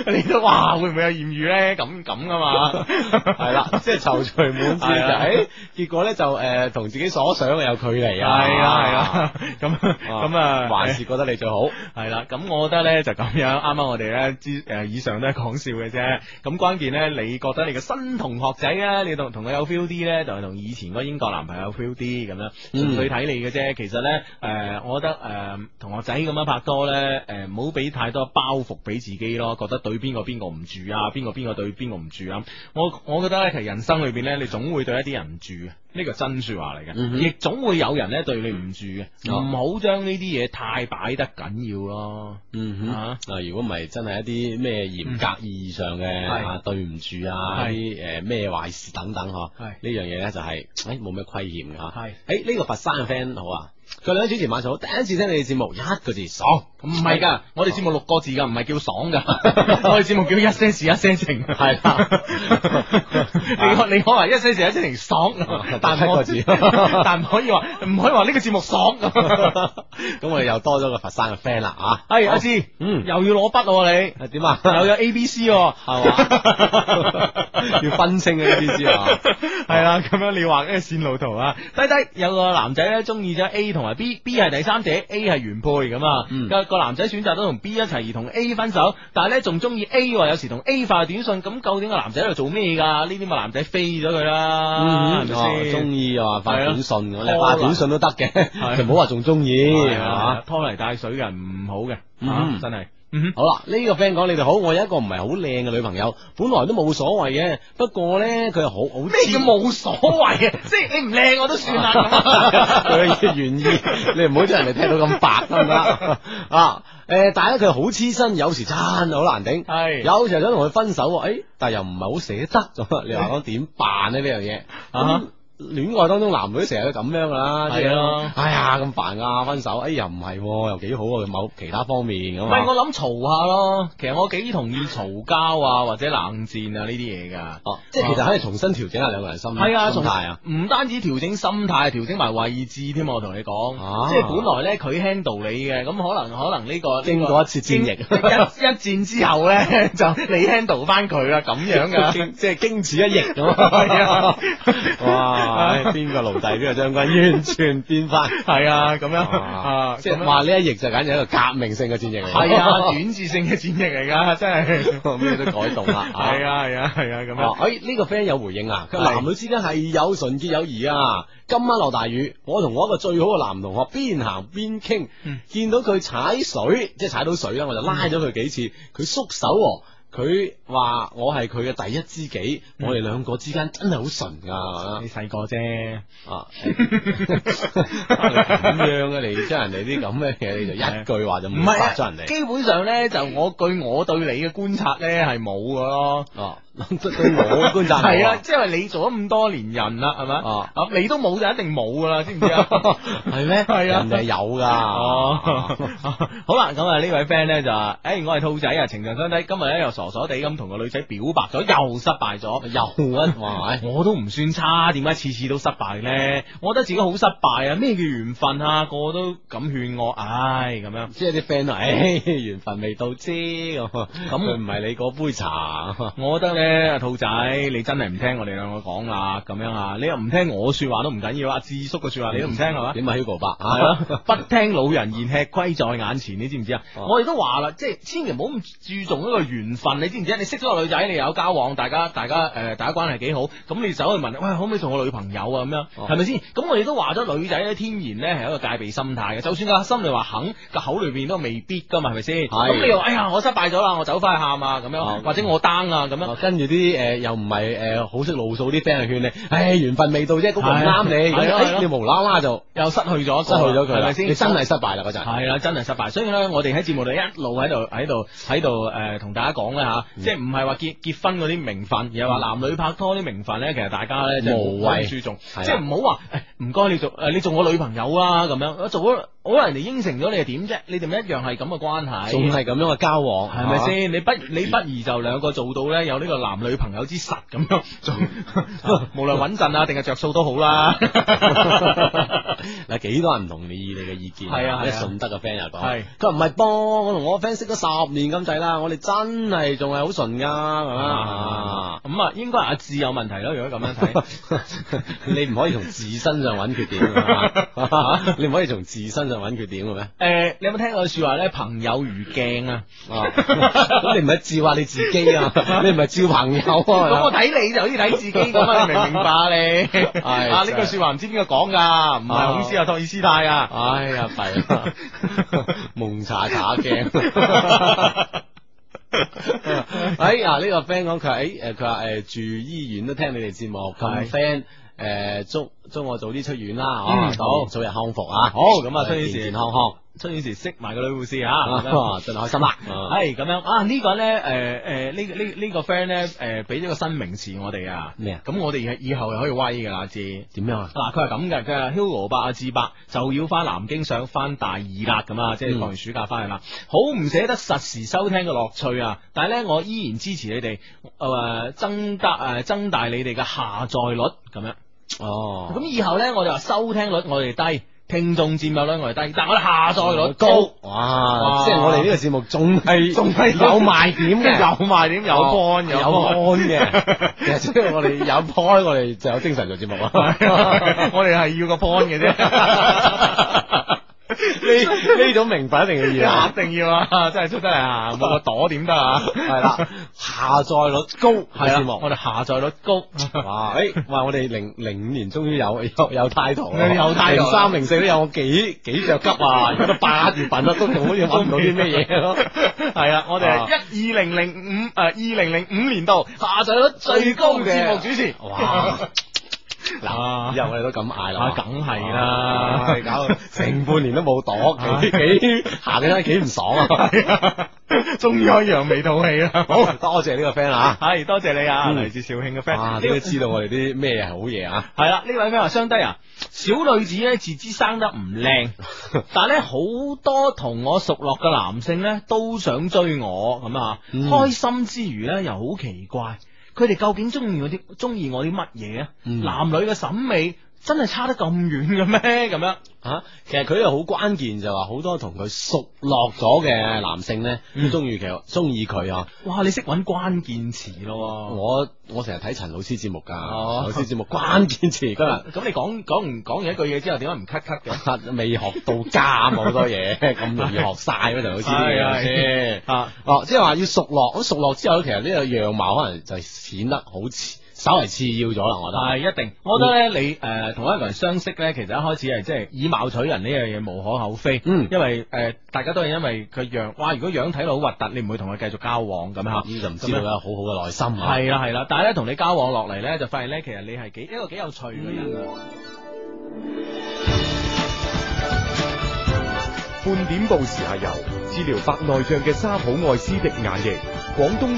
[LAUGHS] [LAUGHS] 你都哇，會唔會有艷遇咧？咁咁噶嘛，係 [LAUGHS] 啦、啊，即係躊躇滿志就誒、是啊欸，結果咧就誒，同、呃、自己所想有距離啊！係啊係啊，咁咁啊，啊，啊，啊，還是覺得你最好係啦。咁、啊啊啊啊啊啊、我覺得咧就咁樣，啱啱我哋咧之誒，以上都係講笑嘅啫。咁關鍵咧，你覺得你嘅新同學仔咧，你同同佢有 feel 啲咧，就係、是、同以前個英國男朋友 feel 啲咁樣，具體嚟。嗯嘅啫，其實咧，誒、呃，我覺得誒，同學仔咁樣拍拖咧，誒、呃，唔好俾太多包袱俾自己咯，覺得對邊個邊個唔住啊，邊個邊個對邊個唔住啊，我我覺得咧，其實人生裏邊咧，你總會對一啲人唔住。呢個真説話嚟嘅，亦、嗯、總會有人咧，對你唔住嘅，唔好將呢啲嘢太擺得緊要咯。嗯哼，啊，如果唔係真係一啲咩嚴格意義上嘅對唔住啊，啲誒咩壞事等等呵，係呢、啊啊啊啊啊、樣嘢咧就係、係，誒冇咩規限嘅嚇。係，呢、啊欸呢個佛山嘅 friend 好啊。佢兩主持晚上好，第一次聽你哋節目一個字爽，唔係㗎，我哋節目六個字㗎，唔係叫爽㗎， [LAUGHS] 我哋節目叫一些事一些情，係 [LAUGHS] 對了。你你可話一些事一些情爽、哦，但係六個字， [LAUGHS] 但唔可以話唔可以話呢個節目爽。咁 [LAUGHS] [LAUGHS] 我哋又多咗個佛山嘅 friend 啦啊！係阿志，啊、G, 嗯，又要攞筆你係點啊，啊？又有 A B C 係、哦、嘛？ [LAUGHS] 對吧 [LAUGHS] 要分清嘅 ABC 嘛、哦？係 [LAUGHS] 啦， [LAUGHS] 咁樣你話呢個線路圖啊？低、呃、低、呃，有個男仔咧，中意咗 A。同埋 B B 係第三者，A 係原配咁啊，個、嗯、男仔選擇都同 B 一齊而同 A 分手，但係咧仲中意 A 話，有時同 A 發短信，咁究竟個男仔喺度做咩噶？呢啲咪男仔飛咗佢啦，係咪先？中意啊，發短信咁，發短信都得嘅，唔好話仲中意，係嘛，拖泥帶水嘅唔好嘅，嗯，啊、真係。嗯、好啦，呢、這個 friend 講你哋好，我有一個唔係好靚嘅女朋友，本來都冇所謂嘅，不過呢，佢係好好黐，冇所謂嘅， [LAUGHS] 即係你唔靚我都算啦。佢 [LAUGHS] 願這樣 [LAUGHS] 意，你唔好將人哋聽到咁白得唔得啊？誒、呃，但係佢好黐身，有時真係好難頂，係有時想同佢分手，誒、哎，但係又唔係好捨得，啊、你話我點辦呢？呢樣嘢啊？嗯戀愛當中男女成日都咁樣噶啦，係咯、啊就是啊，哎呀咁煩啊，分手，哎呀唔係、啊、又幾好、啊，某其他方面咁。唔係我諗嘈下咯，其實我幾同意嘈交啊或者冷戰啊呢啲嘢噶，即係其實可以重新調整下兩個人心態，係啊，唔、啊、單止調整心態，調整埋位置添，我同你講、啊，即係本來咧佢 handle 你嘅，咁可能可能呢、這個經過一次戰役， [LAUGHS] 一,一戰之後咧就你 handle 翻佢啦，咁樣噶， [LAUGHS] 即係經此一役， [LAUGHS] 是啊、 [LAUGHS] 哇！邊、哎、個奴隸邊個將軍，完全變翻係 [LAUGHS] 啊咁樣，啊啊、即係話呢一役就簡直係一個革命性嘅戰役嚟，係啊，轉、啊、折性嘅戰役嚟噶，真係冇咩都改動啦，係 [LAUGHS] 啊係啊係啊咁樣。哎、哦、呢、欸這個 friend 有回應啊，男女之間係有純潔友誼啊。今晚落大雨，我同我一個最好嘅男同學邊行邊傾，見到佢踩水，即係踩到水啦，我就拉咗佢幾次，佢、嗯、縮手喎。佢話我係佢嘅第一知己，嗯、我哋兩個之間真係好純㗎。你細個啫，咁 [LAUGHS] 樣 [LAUGHS] 啊？你將人哋啲咁嘅嘢，你就一句話就唔係咗人哋。基本上咧，就我據我對你嘅觀察咧，係冇㗎咯。啊諗得到冇？觀察係啊，即係、啊就是、你做咗咁多年人啦，係咪啊，啊？你都冇就一定冇噶啦，知唔知 [LAUGHS] 啊？係咩？係啊，人係有噶。好啦，咁啊呢位 friend 咧就誒、欸，我係兔仔啊，情場相睇。今日咧又傻傻地咁同個女仔表白咗，又失敗咗，又啊，我都唔算差，點解次次都失敗咧？我覺得自己好失敗啊！咩叫緣分啊？個個都咁勸我，唉、哎，咁樣即係啲 friend 啊，誒、就是欸，緣分未到之咁，佢唔係你嗰杯茶， [LAUGHS] 我覺得兔仔，你真係唔聽我哋兩個講啦，咁樣啊，你又唔聽我說話都唔緊要啊，智叔嘅說話你都唔聽係嘛？點 [LAUGHS] 啊，Hugo 係不聽老人言，吃虧在眼前，你知唔知啊、哦？我哋都話啦，即係千祈唔好咁注重嗰個緣分，你知唔知？你識咗個女仔，你有交往，大家大家誒、呃，大家關係幾好，咁你走去問，喂，可唔可以做我女朋友啊？咁樣，係咪先？咁我哋都話咗，女仔咧天然咧係一個戒備心態嘅，就算個心裏話肯，個口裏邊都未必噶嘛，係咪先？咁你話，哎呀，我失敗咗啦，我走翻去喊啊，咁樣、哦，或者我 down 啊，咁樣。嗯跟住啲誒，又唔係誒，好識路數啲 friend 去勸你，唉、哎，緣分未到啫，咁唔啱你、 [LAUGHS] 啊啊啊啊啊啊啊，你無啦啦就又失去咗，失去咗佢，係咪先？你真係失敗啦嗰陣，係、啊、啦、啊，真係失敗。所以咧、嗯嗯，我哋喺節目度一路喺度喺度喺度誒，同、呃、大家講咧吓，即係唔係話結結婚嗰啲名份，又話男女拍拖啲名分咧，其實大家咧就冇咁注重，即係唔好話誒，唔該、啊哎、你做誒，你做我女朋友啦、啊、咁樣，做咗可能人哋應承咗你係點啫？你哋咪一樣係咁嘅關係，仲係咁樣嘅交往，係咪先？你不你不如就兩個做到咧，有呢個。男女朋友之實咁樣， [LAUGHS] 無論穩陣啊定係着數都好啦。嗱，幾多人唔同意你哋嘅意見？係啊順的說，係。順德嘅 friend 又講，係佢唔係波。我同我個 friend 識咗十年咁滯啦，我哋真係仲係好純噶，係嘛？咁啊，啊，應該係阿智問題咯。如果咁樣睇， [LAUGHS] 你唔可以從自身上揾缺點， [LAUGHS] 你唔可以從自身上揾缺點嘅咩？誒、 [LAUGHS] 欸，你有冇聽過句說話咧？朋友如鏡啊，咁 [LAUGHS] [LAUGHS] [LAUGHS] 你唔係照下你自己啊？ [LAUGHS] 你唔係照。朋友、啊，咁 [LAUGHS] 我睇看你 [LAUGHS] 就好似睇自己咁啊！ [LAUGHS] 你明唔明，明白啊？你係呢句說話唔知邊個講㗎，唔係孔斯啊托爾斯泰啊！ [LAUGHS] 啊啊 [LAUGHS] 啊啊 [LAUGHS] 哎呀，弊啊， [LAUGHS] 蒙查查驚。哎啊！呢個 friend 講佢，哎誒，佢話誒住醫院都聽你哋節目，同 friend 誒祝。呃祝我早啲出院啦啊、嗯啊，哦好早日康復啊好，好咁啊，出院時康康，出院時識埋個女護士吓、啊，真開心啦、啊、係、啊、咁、啊、樣啊、這個、呢、呃這個咧誒誒呢呢呢個 friend 咧誒俾咗個新名詞我哋啊咩啊，咁我哋以後就可以威噶知點樣啊。嗱佢係咁嘅即係 hugo 伯啊志伯就要翻南京上翻大二啦咁啊，即係過完暑假翻噶啦，好唔捨得實時收聽嘅樂趣啊，但係咧我依然支持你哋誒、呃、增加誒增大你哋嘅下載率咁樣。哦，咁以後咧，我哋話收聽率我哋低，聽眾占有率我哋低，但係我哋下載率高、嗯，哇！即係我哋呢個節目仲係仲係有賣點嘅、嗯，有賣點、嗯、有 point 有 point 嘅，即係、哦 yeah. yeah, [LAUGHS] 我哋有 point，我哋就有精神做節目 [LAUGHS] [LAUGHS] [LAUGHS] 我哋係要個 point 嘅啫。呢 [LAUGHS] 呢種名牌一定要要，一定要啊！真係出得嚟啊，冇個朵點得啊！係 [LAUGHS] 啦、啊， [LAUGHS] 下載率高係節目，我哋下載率高。率高 [LAUGHS] 哇！誒、哎，哇！我哋零零五年終於有有有態度，零三零四都有，我幾幾着急啊！如果八月份 [LAUGHS] 都仲好似揾唔到啲咩嘢咯。係 [LAUGHS] 啊，我哋係一二零零五誒二零零五年度下載率最高嘅節目主持。哇嗱、啊，以後我哋都咁嗌啦，梗係啦，啊、搞成半年都冇躲，哎、幾幾行起身幾唔爽啊，啊！終於可以揚眉吐氣啦，好多謝呢個 friend 啊，係、啊、多謝你啊，嚟、嗯、自肇慶嘅 friend，你都知道我哋啲咩好嘢啊？係啦，呢位咩啊，相低啊，小女子咧自知生得唔靚，但係咧好多同我熟絡嘅男性咧都想追我，咁啊、嗯，開心之餘咧又好奇怪。佢哋究竟中意我啲，中意我啲乜嘢啊？男女嘅審美。真係差得咁遠嘅咩？咁樣、啊、其實佢又好關鍵，就話好多同佢熟落咗嘅男性咧，中意佢，中意佢啊！哇！你識揾關鍵詞咯？我我成日睇陳老師節目噶、哦，老師節目關鍵詞今日咁你講講唔講嘢講完一句嘢之後，點解唔咳咳 t 嘅？未、啊、學到家好 [LAUGHS] 多嘢，咁容易學晒嗰條老師嘅啊！哦、啊，即係話要熟落，熟落之後，其實呢個樣貌可能就顯得好似。稍為次要咗啦，我覺得。係一定、嗯，我覺得咧，你誒、呃、同一個人相識咧，其實一開始係即係以貌取人呢樣嘢無可厚非。嗯，因為誒、呃、大家都係因為佢樣，哇！如果樣睇到好核突，你唔會同佢繼續交往咁啊？依就唔知道有好好嘅內心。係啦係啦，但係咧同你交往落嚟咧，就發現咧其實你係幾一個幾有趣嘅人、嗯、半點報時係由治療白內障嘅沙普愛斯迪眼液，廣東。